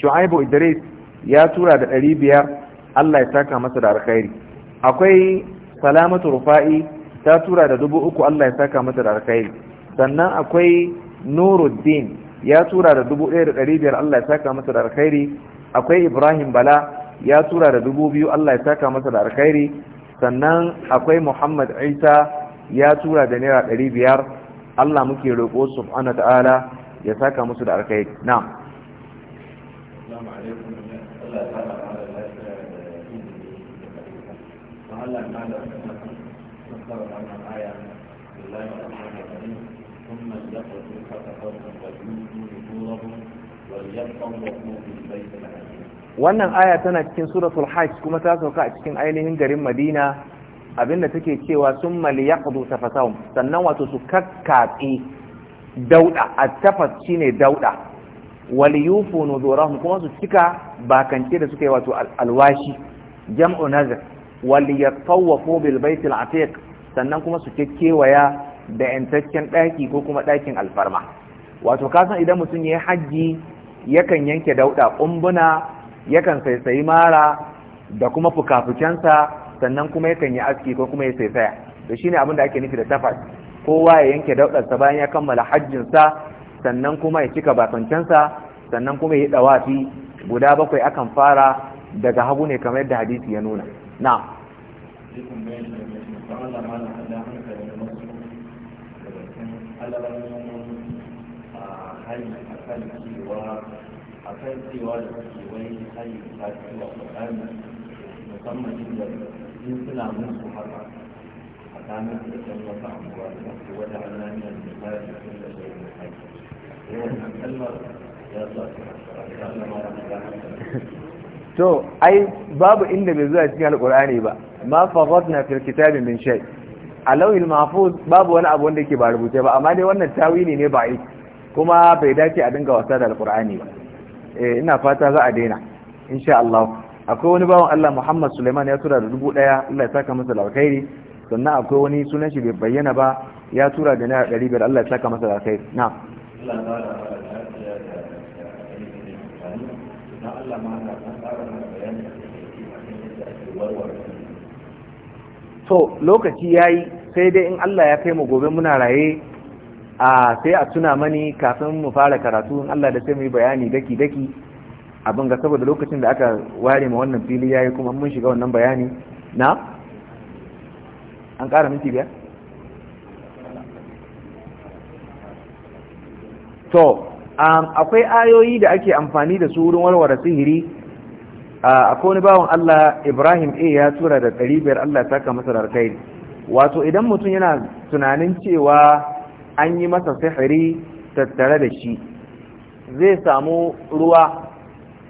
Shu'aibu Idris ya tura da 500 Allah ya saka masa da alkhairi akwai Salamatu Rufa'i ta tura da dubu uku Allah ya saka masa da alkhairi sannan akwai Nuruddin ya tura da dubu ɗaya da ɗari biyar Allah ya saka masa da alkhairi akwai ibrahim bala ya tura da dubu biyu allah ya saka masa da alkhairi sannan akwai muhammad isa ya tura da naira ɗari biyar allah muke roƙo subhanahu ta'ala ya saka musu da alkhairi na'am na ثم فتحهم وليبقوا wannan aya tana cikin suratul hajj kuma ta sauka a cikin ainihin garin madina abinda take cewa sun mali ya kudu tafasahun sannan wato su kakkaɓe dauɗa a tafas shi ne dauɗa wali yufu nuzurahum kuma su cika bakance da suka yi wato alwashi jam'u nazar wali ya yatawwafu bil baitil atiq sannan kuma su kekkewaya da yantaccen ɗaki ko kuma ɗakin alfarma wato kasan idan mutum ya yi hajji yakan yanke dauɗa ƙumbuna yakan saisayi mara da kuma fukafukensa sannan kuma yakan yi aski ko kuma ya saisaya to shine abin da ake nufi da tafas kowa ya yanke daudarsa bayan ya kammala hajjinsa sannan kuma ya cika bakancensa sannan kuma ya yi dawafi guda bakwai akan fara daga hagu ne kamar yadda hadisi ya nuna na a kan cewa da suke wani hali ta cewa tsakani musamman inda in suna musu haka a kanin da can wata anguwa da ke da hannaniyar da ta yi sun da shi da haki yawan eh, kalmar ya sa su a kalmar da to ai babu inda bai zuwa cikin alkur'ani ba ma na fil kitabi min shay alawil mahfuz babu wani abu wanda yake ba rubuce ba amma dai wannan tawili ne ba kuma bai dace a dinga wasa da alkur'ani ba Eh, ina fata za a daina insha Allah akwai wani bawan Allah Muhammad Suleiman ya tura da dubu daya Allah ya saka masa alkhairi sannan akwai wani sunan shi bai bayyana ba ya tura da naira ɗari biyar Allah ya saka masa alkhairi na to lokaci yayi sai dai in Allah ya kai mu gobe muna raye a sai a tuna mani kafin mu fara karatu in Allah da sai mu yi bayani daki daki abin ga saboda lokacin da aka ware ma wannan fili yayi kuma mun shiga wannan bayani na an ƙara minti biyar to um, akwai ayoyi da ake amfani da su wurin warware sihiri akwai wani bawan Allah Ibrahim A ya tura da 500 Allah ya saka masa da wato idan mutum yana tunanin cewa an yi masa sihiri tattare da shi zai samu ruwa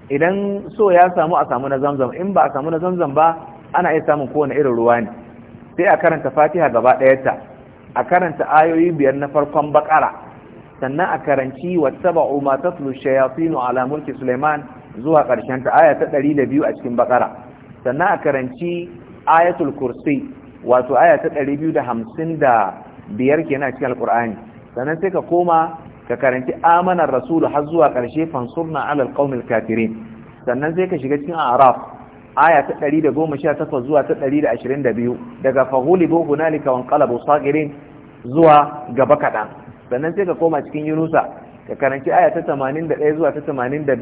idan so ya samu a samu na zamzam in ba a samu na zamzam ba ana iya samun kowane irin ruwa ne sai a karanta fatiha gaba ɗaya ta, a karanta ayoyi biyar na farkon bakara sannan a karanci ta ma tatlu shayatinu ala alamurki suleiman zuwa ƙarshen ta aya ta ɗari da biyu a cikin bakara sannan a karanci ayatul kursi wato aya ta ɗari biyu da hamsin da biyar kenan cikin alqur'ani sannan sai ka koma ka karanci amanar rasulu har zuwa karshe fansurna alal qaumil kafirin sannan sai ka shiga cikin araf aya ta 118 zuwa ta 122 daga faghulibu hunalika wanqalabu sagirin zuwa gaba kaɗan sannan sai ka koma cikin yunusa ka karanci aya ta 81 zuwa ta 82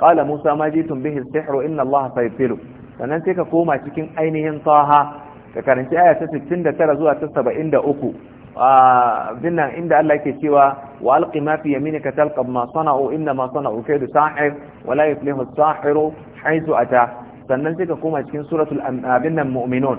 qala musa ma jitum bihi sihru inna allaha sayfilu sannan sai ka koma cikin ainihin taha ka karanci aya ta 69 zuwa ta 73 a binnan inda Allah yake cewa wa alqi ma fi yaminika talqab ma sana'u inna ma sana'u kaydu sahir wa la yuflihu as-sahiru haythu ata sannan sai ka koma cikin suratul binnan mu'minun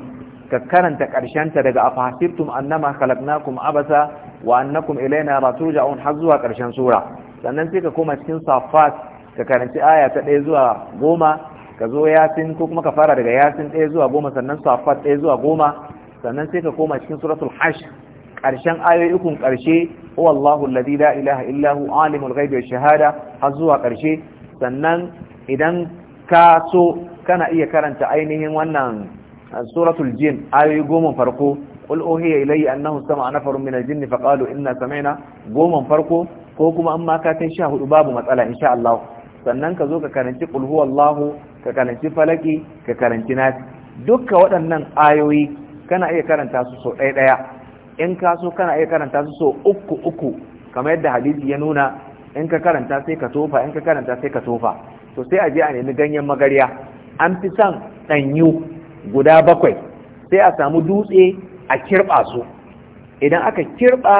ka karanta karshen ta daga afahasibtum annama khalaqnakum abasa wa annakum ilayna la turja'un har zuwa karshen sura sannan sai ka koma cikin safat ka karanci aya ta 1 zuwa 10 ka zo yasin ko kuma ka fara daga yasin ɗaya zuwa goma sannan safat ɗaya zuwa goma sannan sai ka koma cikin suratul hash ƙarshen ayoyi ukun ƙarshe wallahu alladhi la ilaha illa hu alimul ghaibi wash shahada har zuwa ƙarshe sannan idan ka so kana iya karanta ainihin wannan suratul jin ayoyi goma farko qul uhiya ilayya annahu sama'a nafarun min al-jinni faqalu inna sami'na goman farko ko kuma amma kafin sha 14 babu matsala insha Allah sannan ka zo ka karanci ƙulhu Allahu ka karanci falaki ka karanci nasi dukka waɗannan ayoyi kana iya karanta su sau ɗaya ɗaya in ka so kana iya karanta su sau uku uku kamar yadda hadisi ya nuna in ka karanta sai ka tofa in ka karanta sai ka tofa to sai a je a nemi ganyen magarya an fi son ɗanyu guda bakwai sai a samu dutse a kirɓa su idan aka kirɓa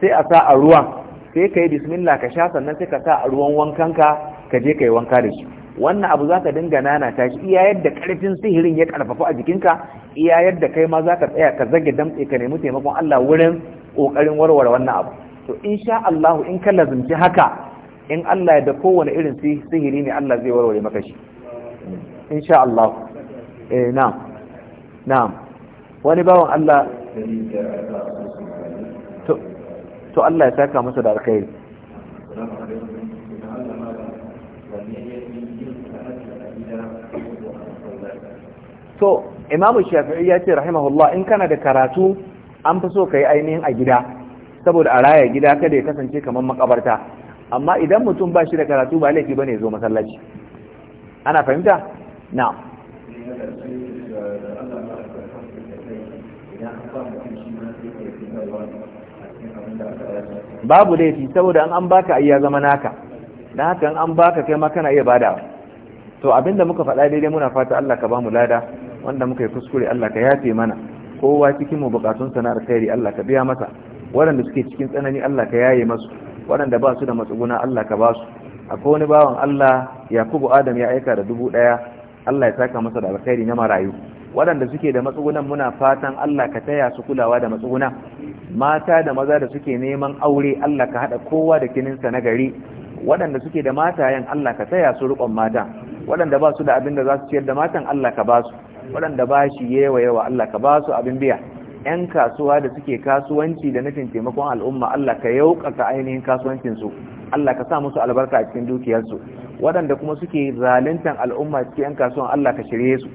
sai a sa a ruwan sai ka yi bismillah ka sha sannan sai ka sa a ruwan wankanka ka je ka yi wanka da shi wannan abu zaka dinga nana ta shi iya yadda karfin sihirin ya karfafa a jikinka iya yadda kai ma zaka tsaya ka zage damtse ka nemi taimakon Allah wurin kokarin warware wannan abu to insha Allah in ka lazumci haka in Allah ya da kowane irin sihiri ne Allah zai warware maka shi insha Allah eh na'am na'am wani bawan Allah to to Allah ya saka masa da alkhairi to imamu shafi'i ya ce rahimahullah in kana da karatu an fi so ka yi ainihin a gida saboda a raya gida kada ya kasance kamar makabarta amma idan mutum ba shi da karatu ba laifi ba ne zo masallaci ana fahimta na babu laifi saboda an baka ayya zama naka don haka an baka kai ma kana iya badawa to abinda muka faɗa daidai muna fata Allah ka ba mu lada wanda muka yi kuskure Allah ka yafe mana kowa cikin mu bukatun sana alkhairi Allah ka biya masa waɗanda suke cikin tsanani Allah ka yaye masu waɗanda ba su da matsuguna Allah ka ba su akwai wani bawan Allah Yakubu Adam ya aika da dubu ɗaya Allah ya saka masa da alkhairi na marayu waɗanda suke da matsugunan muna fatan Allah ka taya su kulawa da matsuguna mata da maza da suke neman aure Allah ka haɗa kowa da kininsa na gari waɗanda suke da matayen Allah ka taya su riƙon mata waɗanda ba su da abin da za su ciyar da matan Allah ka ba su waɗanda ba shi yawa yawa Allah ka ba su abin biya ‘yan kasuwa da suke kasuwanci da nufin taimakon al'umma Allah ka ƙasa ainihin kasuwancinsu Allah ka sa musu albarka a cikin dukiyarsu waɗanda kuma suke zaluntan al'umma cikin ‘yan kasuwan Allah ka shirye su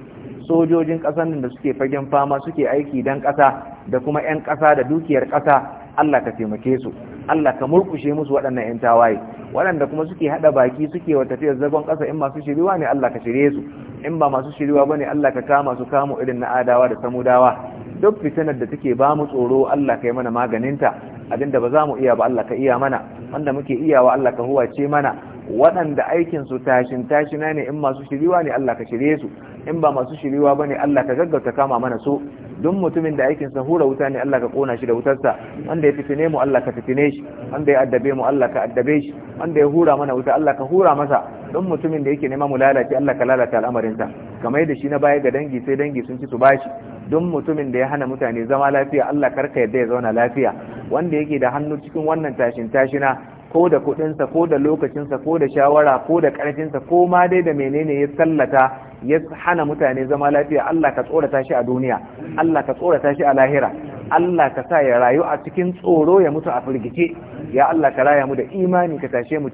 sojojin ƙasar da suke fagen fama suke aiki don ƙasa da kuma ‘yan ƙasa da dukiyar ƙasa Allah ka taimake su Allah ka murkushe musu waɗannan 'yan tawaye waɗanda kuma suke haɗa baki suke wa tafiyar zagon ƙasa in masu shiriwa ne Allah ka shirye su in ba masu shiriwa ba ne Allah ka kama su kamo irin na adawa da samudawa duk fitinar da take ba mu tsoro Allah ka yi mana maganinta abinda ba za mu iya ba Allah ka iya mana wanda muke iyawa Allah ka huwace mana waɗanda aikinsu tashin tashina ne in masu shiriwa ne Allah ka shirye su in ba masu shiriwa ba ne Allah ka gaggauta kama mana so don mutumin da aikinsa hura wuta ne Allah ka kona shi da wutarsa wanda ya fitine mu Allah ka fitine shi wanda ya addabe mu Allah ka addabe shi wanda ya hura mana wuta Allah ka hura masa don mutumin da yake nema mu lalace Allah ka lalata al'amarinsa kamar yadda shi na baya ga dangi sai dangi sun ci su bashi don mutumin da ya hana mutane zama lafiya Allah karka yadda ya zauna lafiya wanda yake da hannu cikin wannan tashin tashina ko da kuɗinsa ko da lokacinsa ko da shawara ko da karfinsa ko ma dai da menene ya sallata ya hana mutane zama lafiya Allah ka tsorata shi a duniya Allah ka tsorata shi a lahira Allah ka sa ya rayu a cikin tsoro ya mutu a firgice ya Allah ka raya mu da imani ka tashe mu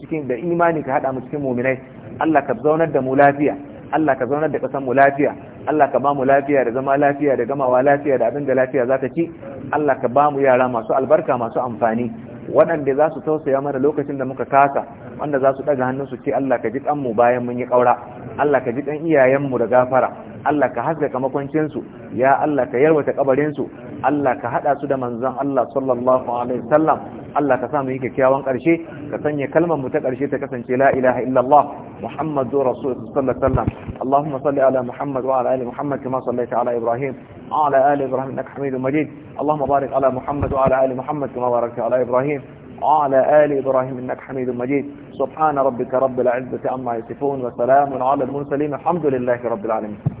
cikin da imani ka hada mu cikin muminai Allah ka zaunar da mu lafiya Allah ka zaunar da kasan mu lafiya Allah ka ba mu lafiya da zama lafiya da gamawa lafiya da abin da lafiya za ta ci Allah ka ba mu yara masu albarka masu amfani waɗanda za su tausaya mana lokacin da muka kasa wanda za su ɗaga hannun su ce Allah ka ji mu bayan mun yi ƙaura Allah ka ji kan iyayenmu da gafara Allah ka haskaka makwancinsu ya Allah ka yarwata kabarinsu Allah ka hada su da manzon Allah sallallahu alaihi wasallam Allah ka samu mu yi kyakkyawan karshe ka sanya kalmar mu ta karshe ta kasance la ilaha illallah muhammadu rasulullah sallallahu alaihi wasallam Allahumma salli ala muhammad wa ala ali muhammad kama sallaita ala ibrahim wa ala ali ibrahim innaka hamidum majid Allahumma barik ala muhammad wa ala ali muhammad kama barakta ala ibrahim وعلى آل إبراهيم إنك حميد مجيد سبحان ربك رب العزة عما يصفون وسلام على المرسلين الحمد لله رب العالمين